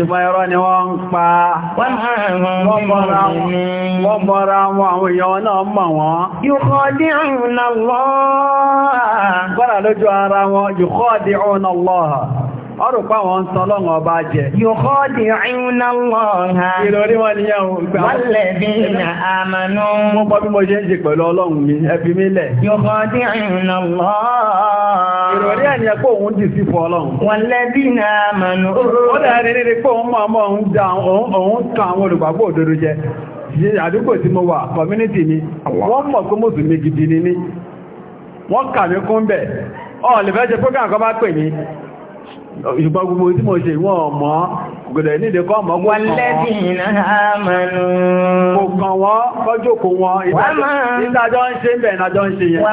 ṣùgbọ́n irọ́ ni wọ́n ń pa wọ́n mọ́ra wọn àwọn èèyàn náà mọ̀ wọ́n. Yùkọ́dìrún Allah. Gbọ́nà lójú ara wọn, yùkọ́dìrún Allah. ọrùn pa wọn sọ lọ́wọ́ ọba jẹ. Yòkó di ìrìnà lọ́ha. na àmànú. Mo gbọ́ bí mo ṣe ń jẹ pẹ̀lú ọlọ́run mi, ẹbí mi lẹ̀. Yòkó di ìrìnà lọ́ha. Ìrọ̀rí ẹ̀ ni ẹ kó òun dì sí fún ọlọ́run. Wọ́lẹ̀ bí na àmànú. Ó dàrí da òun kan àwọn olùgbàgbọ́ òdodo jẹ. Àdúgbò tí mo wà, mi, wọ́n mọ̀ ìṣùgbọ́n gbogbo tí mo ṣe ìwọ̀n ọmọ gọ̀dẹ̀ nílé kọ́ ọmọ gbogbo kan wọ́n kọjòkó wọn ìdájọ́ ń ṣe bẹ̀ẹ̀ nájọ́ ń ṣe yẹn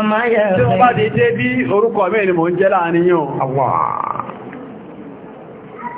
tí ó bí orúkọ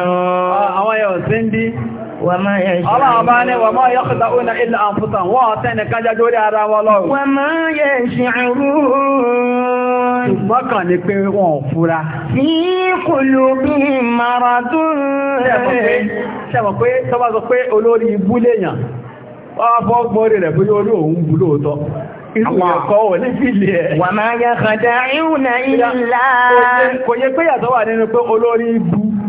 Àwọn ẹ̀yọ̀ ń bí. wà máa yẹ ṣàrú. Ṣùgbọ́n ní pé wọn ò fura. Fí kùlù bí mara dùn. Ṣẹ́mọ̀ pé tọ́bá sọ pé olórí ibú léèyàn, wọ́n fọ́ wà máa yẹ kàdà ìrùnà ìlà kò yẹ pé yàtọ̀ wà nínú pé olórí ibú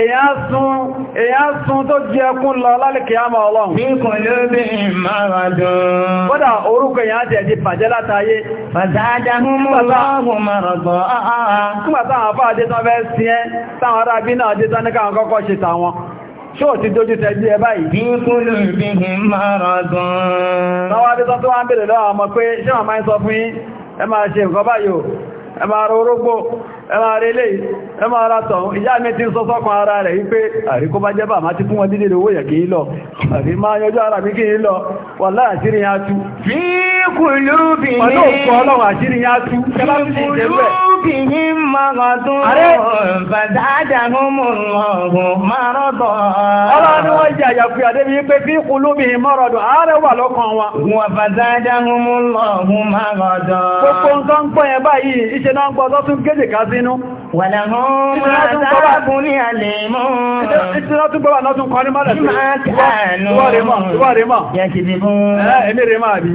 èyàn sun tó jẹ ẹkún lọ lálẹ́kẹ̀ àmà ọlọ́run bí kò yóò bí ìmáradùn Bọ́dà orúkọ èyàn ti dojú tẹ́jú ẹ báyìí. bí kúlù bí i mara gan-an. tọ́wọ́ adé tó wá ń bèèrè lọ́wọ́ ọmọ pé ṣé wọ́n máa ń sọ fún ẹ máa ṣe nǹkan báyìí ẹmà ara orógbó ẹmà ara ilé ẹmà ara tọ̀ ìyá mi ti ń sọ sọ́kàn ara rẹ̀ wípé àríkó bá ti fún wọn dídé owó yẹ̀ kí lọ àrí máa yọjọ́ ara mi kí ń lọ wà láàṣírí yá tú فيهم مرض فزادهم الله مرضا ọlọ́run wọ́n jẹ́ àyàfi àdébí pé bí kùlúmí mọ́rọ̀dù ààrẹ wà lọ́kàn wa wọ́n فزادهم الله مرضا gbogbo nǹkan pọ̀ yẹn báyìí iṣẹ́ náà ń gbọ́ tó tún gẹ́jẹ̀ ká sínú ولهم عذاب أليم بما كانوا يكذبون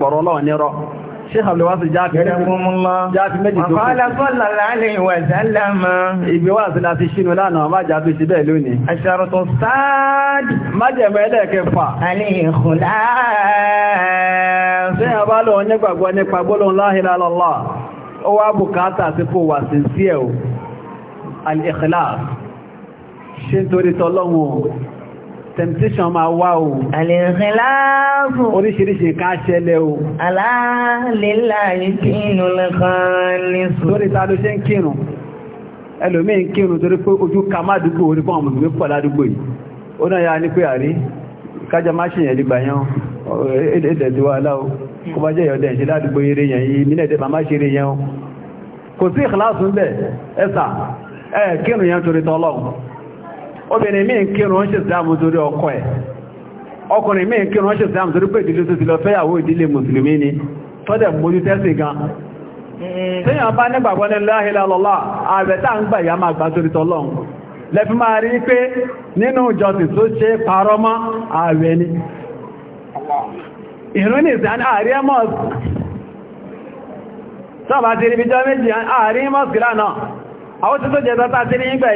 pọ̀rọ̀ ọlọ́run nírọ́ Sheikh Abdulwasi jáfi méjì tó kú. Ìgbéwà sí láti ṣínú lánàá má jáfi sí bẹ́ẹ̀ lónìí. Àṣàrùtù sáàdì. Májẹ̀mẹ́ ẹlẹ́ẹ̀kẹfà. Àlèkùnlá. Ṣé àbá lọ nígbàgbọ́ nípa gbólóhùn la ilaha illallah? Ó wá bùkátà sí kò wà sí sí ẹ̀ temptation máa wá o. Àlèkìláàbù. Oríṣiríṣi nǹkan ṣẹlẹ̀ o. Aláàlélà ìkínú lẹ́kàn ní sùn. Lórí ta ló ṣe ń kírun? Ẹlòmí ń kírun torí pé ojú ka má dúgbò orí fún ọmọ ìgbé pọ̀ ládúgbò yìí. Ó náà yá ní pé àrí, kájá má ṣèyàn lè gbàyàn ẹ̀dẹ̀ tí wà láò. Kó bá jẹ́ ìyọ̀dẹ̀ ìṣẹ́ ládúgbò eré yẹn yìí, mílẹ̀ tẹ́ máa ṣe eré yẹn o. Kò sí ìkìláàsù ń bẹ̀, ẹ̀sà, ẹ̀ kírun yẹn torí tọ́lọ́run obìnrin míì kírun ń ṣe ìsìláàmù torí ọkọ ẹ̀ ọkùnrin míì kírun ń ṣe ìsìláàmù torí pé ìdílé tó ti lọ fẹ́yàwó ìdílé mùsùlùmí ni tọ́dẹ̀ mójú tẹ́sì gan mm-hmm. tíyàn bá nígbàgbọ́ ní láhílálọ́lá ààrẹ tá ń gbà ìyá máa gbà torí tọ́lọ́run lẹ́fí máa rí pé nínú ìjọsìn tó ṣe parọ́mọ́ ààrẹ ni ìrún ní ìsìn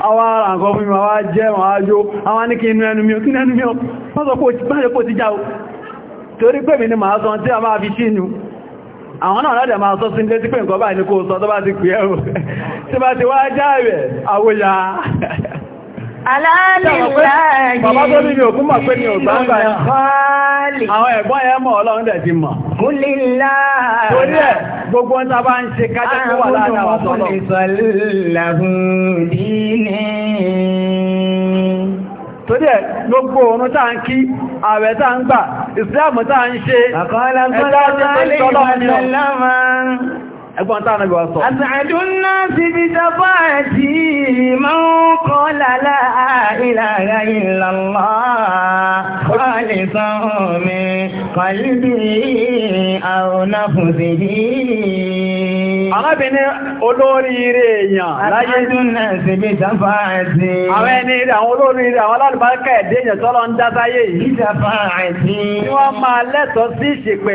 awara ara nǹkan fún mi wá jẹ́ wọn ájó àwọn ní kí inú ẹnu mi ò kí nẹnu mi ò wọ́n ti já o torí pé mi ni sọ tí a máa fi ṣínú àwọn náà lọ́dẹ̀ máa sọ sí ilé tí pé nǹkan báyìí ní kó sọ tó bá ti pè ẹ̀rù tí bá ti wá aláàlìláàrí bàbá tó ní mi òkú mọ̀ pé ní ògbà ń gbà ẹ̀ àwọn ẹ̀gbọ́n ẹ̀ mọ̀ ọlọ́run dẹ̀ ti mọ̀ kúlìláàrí torí ẹ̀ gbogbo ọ̀nà bá ń ṣe kájẹ́ kó wà láàrin àwọn tọ́lọ̀ torí ẹ̀ gbogbo kí ààrẹ tá ń gbà ìsìláàmù tá ń ṣe ẹ̀dá ọdún tó lè ẹgbọ́n tánà bí wọ́n sọ. Àtàdúnná ti fi sọpá àti máa ń kọ́ lálá ìlàrá ìlàlá ọ̀lẹ̀ mi pàlúbí àrùnà fún sí yí. Arábìnrin olóríire èèyàn láyé. Àtàdúnná ti fi sọpá àti. Àwọn ẹni rẹ̀ àwọn olóríire àwọn alálùbáríkà ẹ̀dẹ́ èèyàn tọ́lọ ń dá sáyé yìí. Ìjàpá àti. Tí wọ́n máa lẹ́tọ̀ọ́ sí ìṣèpè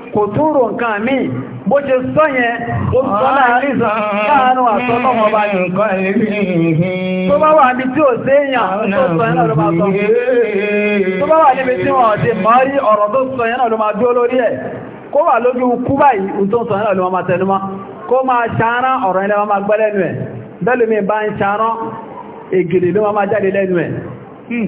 kò tún rò nǹkan mí bó ṣe sọ yẹn ó sọ láàrin láàrin àtọ́lọ́mọ bá ní tó bá wà ní tí ò sí tó sọ ló máa ti kó wà ṣàárán ọ̀rọ̀ ilẹ̀ máa gbẹ́lẹ́nu ẹ̀ bẹ́lùmí bá ń ṣàárán ègèrè ló máa jáde lẹ́nu ẹ̀ hmm.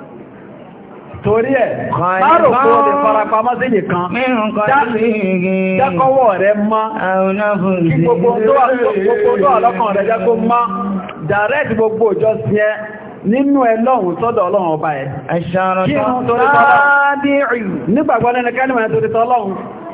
torí ẹ̀ márò kó lè farapamọ́ sí nìkan jákọwọ́ rẹ̀ mọ́ gbogbo tó àlọ́kàn rẹ̀ mọ́ direct gbogbo òjò sí ẹ nínú ẹlọ́run sọ́dọ̀ ọlọ́run ọba ẹ̀ kí wọ́n torí tọ́lọ́run nígbàgbọ́ lẹ́nu kẹ́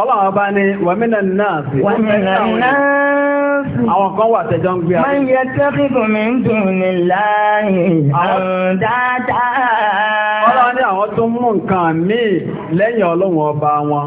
Ọlọ́run bá ní wàmínà náà sí. Wàmínà náà àwọn kan wà tẹjọ ń gbé àwọn. Wọ́n yẹ tí ó kíkù mi ń dùn ní láàrin àwọn dáadáa. Ọlọ́run ní àwọn tó mú nǹkan míì lẹ́yìn Ọlọ́run ọba wọn.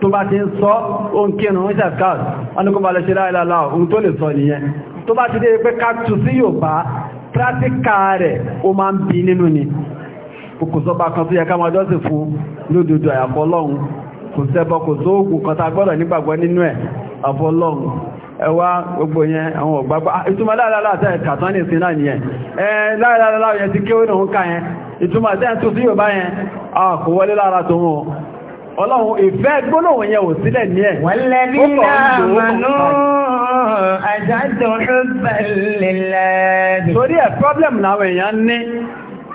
tó bá ti ń sọ ohun kírùn ún ṣàkàt ọdúnkọ́ lọ ṣe láìláà ohun tó lè sọ nìyẹn tó bá ti dé pé káàtù sí Yorùbá tírátíkà rẹ̀ ó máa ń bí nínú ni kò sọba kan tó yẹ ká máa jọ́sìn fún lódodo àyàfọ́ Ọlọ́run kò sẹ́bọ kò sóògùn kan tá gbọ́dọ̀ nígbàgbọ́ nínú ẹ̀ àfọ́ Ọlọ́run ẹwà gbogbo ọlọ́run ìfẹ́ gbólóhùn yẹn ò sílẹ̀ ní ẹ̀. walladhina amanu ashaddu hubban lillah. torí ẹ̀ problem làwọn èèyàn ní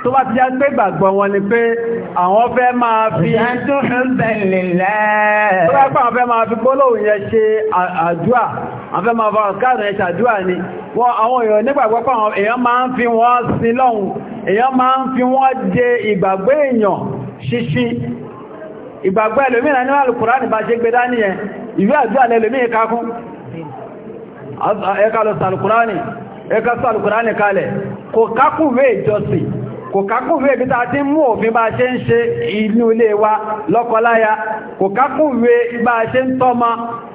tó bá ti já pé gbàgbọ́ wọn ni pé àwọn fẹ́ máa fi ashaddu hubban lillah. tó bá pé àwọn fẹ́ máa fi gbólóhùn yẹn ṣe àdúà àwọn fẹ́ máa fọwọ́ káàdùn yẹn ṣe àdúà ni wọ́n àwọn èèyàn nígbàgbọ́ pé àwọn èèyàn máa ń fi wọ́n sin lọ́hùn èèyàn máa ń fi wọ́n jẹ ìgbàgbọ́ èèyàn ṣíṣí ìgbàgbọ́ ẹlòmíràn ní alùkùrá ní bá ṣe gbé dání ẹ ìwé àjọ alẹ́lòmí ìkákún ẹka lọ sàlùkùránì ẹka sàlùkùránì kalẹ̀ kò kákùnwé ìjọsìn kò kákùnwé ibi ta ti mú òfin bá ṣe ń ṣe inú ilé wa lọ́kọláya kò kákùnwé bá ṣe ń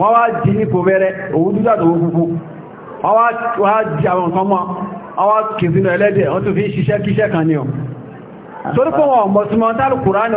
wọ́n wá jí ní kò òun dúdà tó gbogbo wọ́n wá jí àwọn nǹkan mọ́ wọ́n wá ẹlẹ́dẹ̀ wọ́n tó fi ń ṣiṣẹ́ kíṣẹ́ kan ní ọ torí wọn ọmọ tàbí kùránì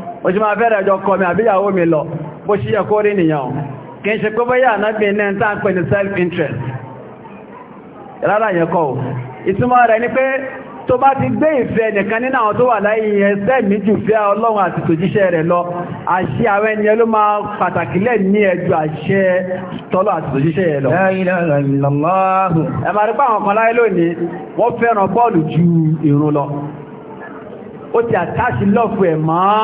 ó ṣe máa fẹ́rẹ̀ ẹjọ́ kọ mi àbíyàwó mi lọ bó ṣe yẹ kó rí nìyàn kìí ṣe pé bóyá ànábì ní ẹ̀ntà ń pè ní self-interest rárá yẹn kọ́ ò ìtumọ̀ rẹ̀ ni pé tó bá ti gbé ìfẹ́ nìkan nínú àwọn tó wà láyé ẹsẹ́ mi jù fẹ́ ọlọ́run àti tòjíṣẹ́ rẹ̀ lọ àṣẹ àwọn ènìyàn ló máa pàtàkì lẹ̀ ní ó ti àtàṣì lọ́fù ẹ̀ máa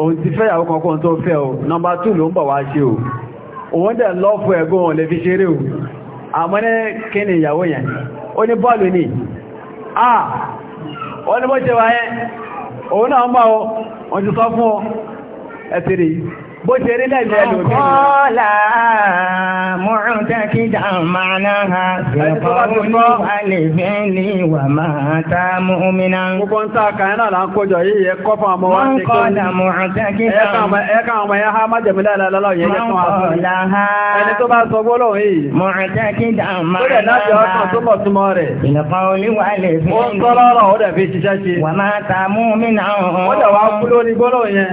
òun ti fẹ́ ìyàwó kankan tó fẹ́ o nọmbà 2 ló ń bọ̀ wá ṣe o òun dẹ̀ lọ́fù ẹ̀gùn òun lè fi ṣeré o àmọ́ ní kí ni ìyàwó yẹn ó ní bọ́ọ̀lù ní àà ó ní bó ṣe wáyé òun náà ń bá o òun ti sọ fún ọ ẹ̀tẹ̀rẹ̀ bó ṣe rí lẹ́nu ẹlòmí. wa ṣe kí. Kọ́lá mọ̀ọ́dákídà. Ẹ̀ka ọmọ yẹn ha májèmílẹ̀ lọ́lọ́ yẹn yẹ fún àbúrò. Ẹni tó bá sọ gbólóhùn yìí. Mọ̀ọ́dákídà máa náà. Ó dẹ̀ láti ọkàn tó bọ̀ súnmọ́ rẹ̀. Ìlẹ̀kọ́ ní wà lẹ́fẹ́. Ó ń sọ lọ́rọ̀ ó dẹ̀ fi ṣiṣẹ́ ṣe. Wà máa ta mọ́mìnà. Ó dẹ̀ wá kú lórí gbólóhùn yẹn.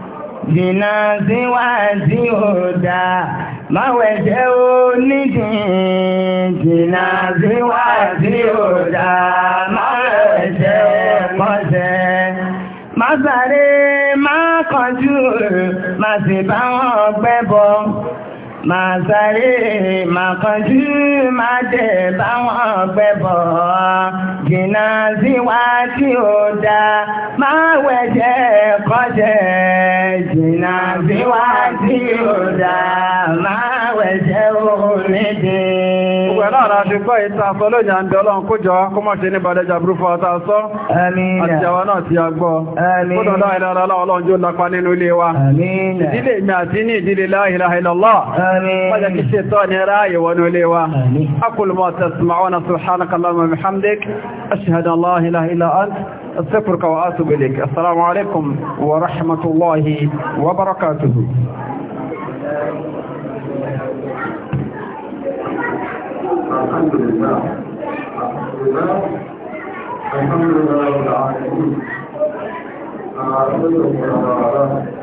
jìnnà síwájú òdà máwẹ̀jẹ́ ó nídìí jìnnà síwájú òdà máwẹ̀jẹ́ mọ́jẹ́ má sáré má kọjú má sì bá wọn gbẹ́bọ. Màá sáré màá kanjú máa dẹ̀ báwọn gbẹ̀bọ̀. Jìnnà sí wá tí ó dáa, máa wẹ̀jẹ̀ kọ́jẹ̀. Jìnnà sí wá tí ó dáa, máa wẹ̀jẹ̀ onídìí pẹ̀lú àrà ti gbọ́ ìta sọ lónìí àndẹ ọlọ́run kó jọ kó mọ́ ṣe ní bàdẹjà burúkú ọta sọ àtìyàwó náà ti agbọ́ kódọ̀lá ìlàrà ọlọ́run jó lápá nínú ilé wa ìdílé mi àti ní ìdílé la ilaha illallah wájá kí ṣe tọ́ ní ráyè wọnú ilé wa aqulu ma tasma'una subhanaka allahumma bihamdik ashhadu an la ilaha illa ant astaghfiruka wa atubu ilayk assalamu alaikum wa rahmatullahi wa barakatuh الحمد لله الحمد لله الحمد لله رب العالمين أعرفكم ورحمة الله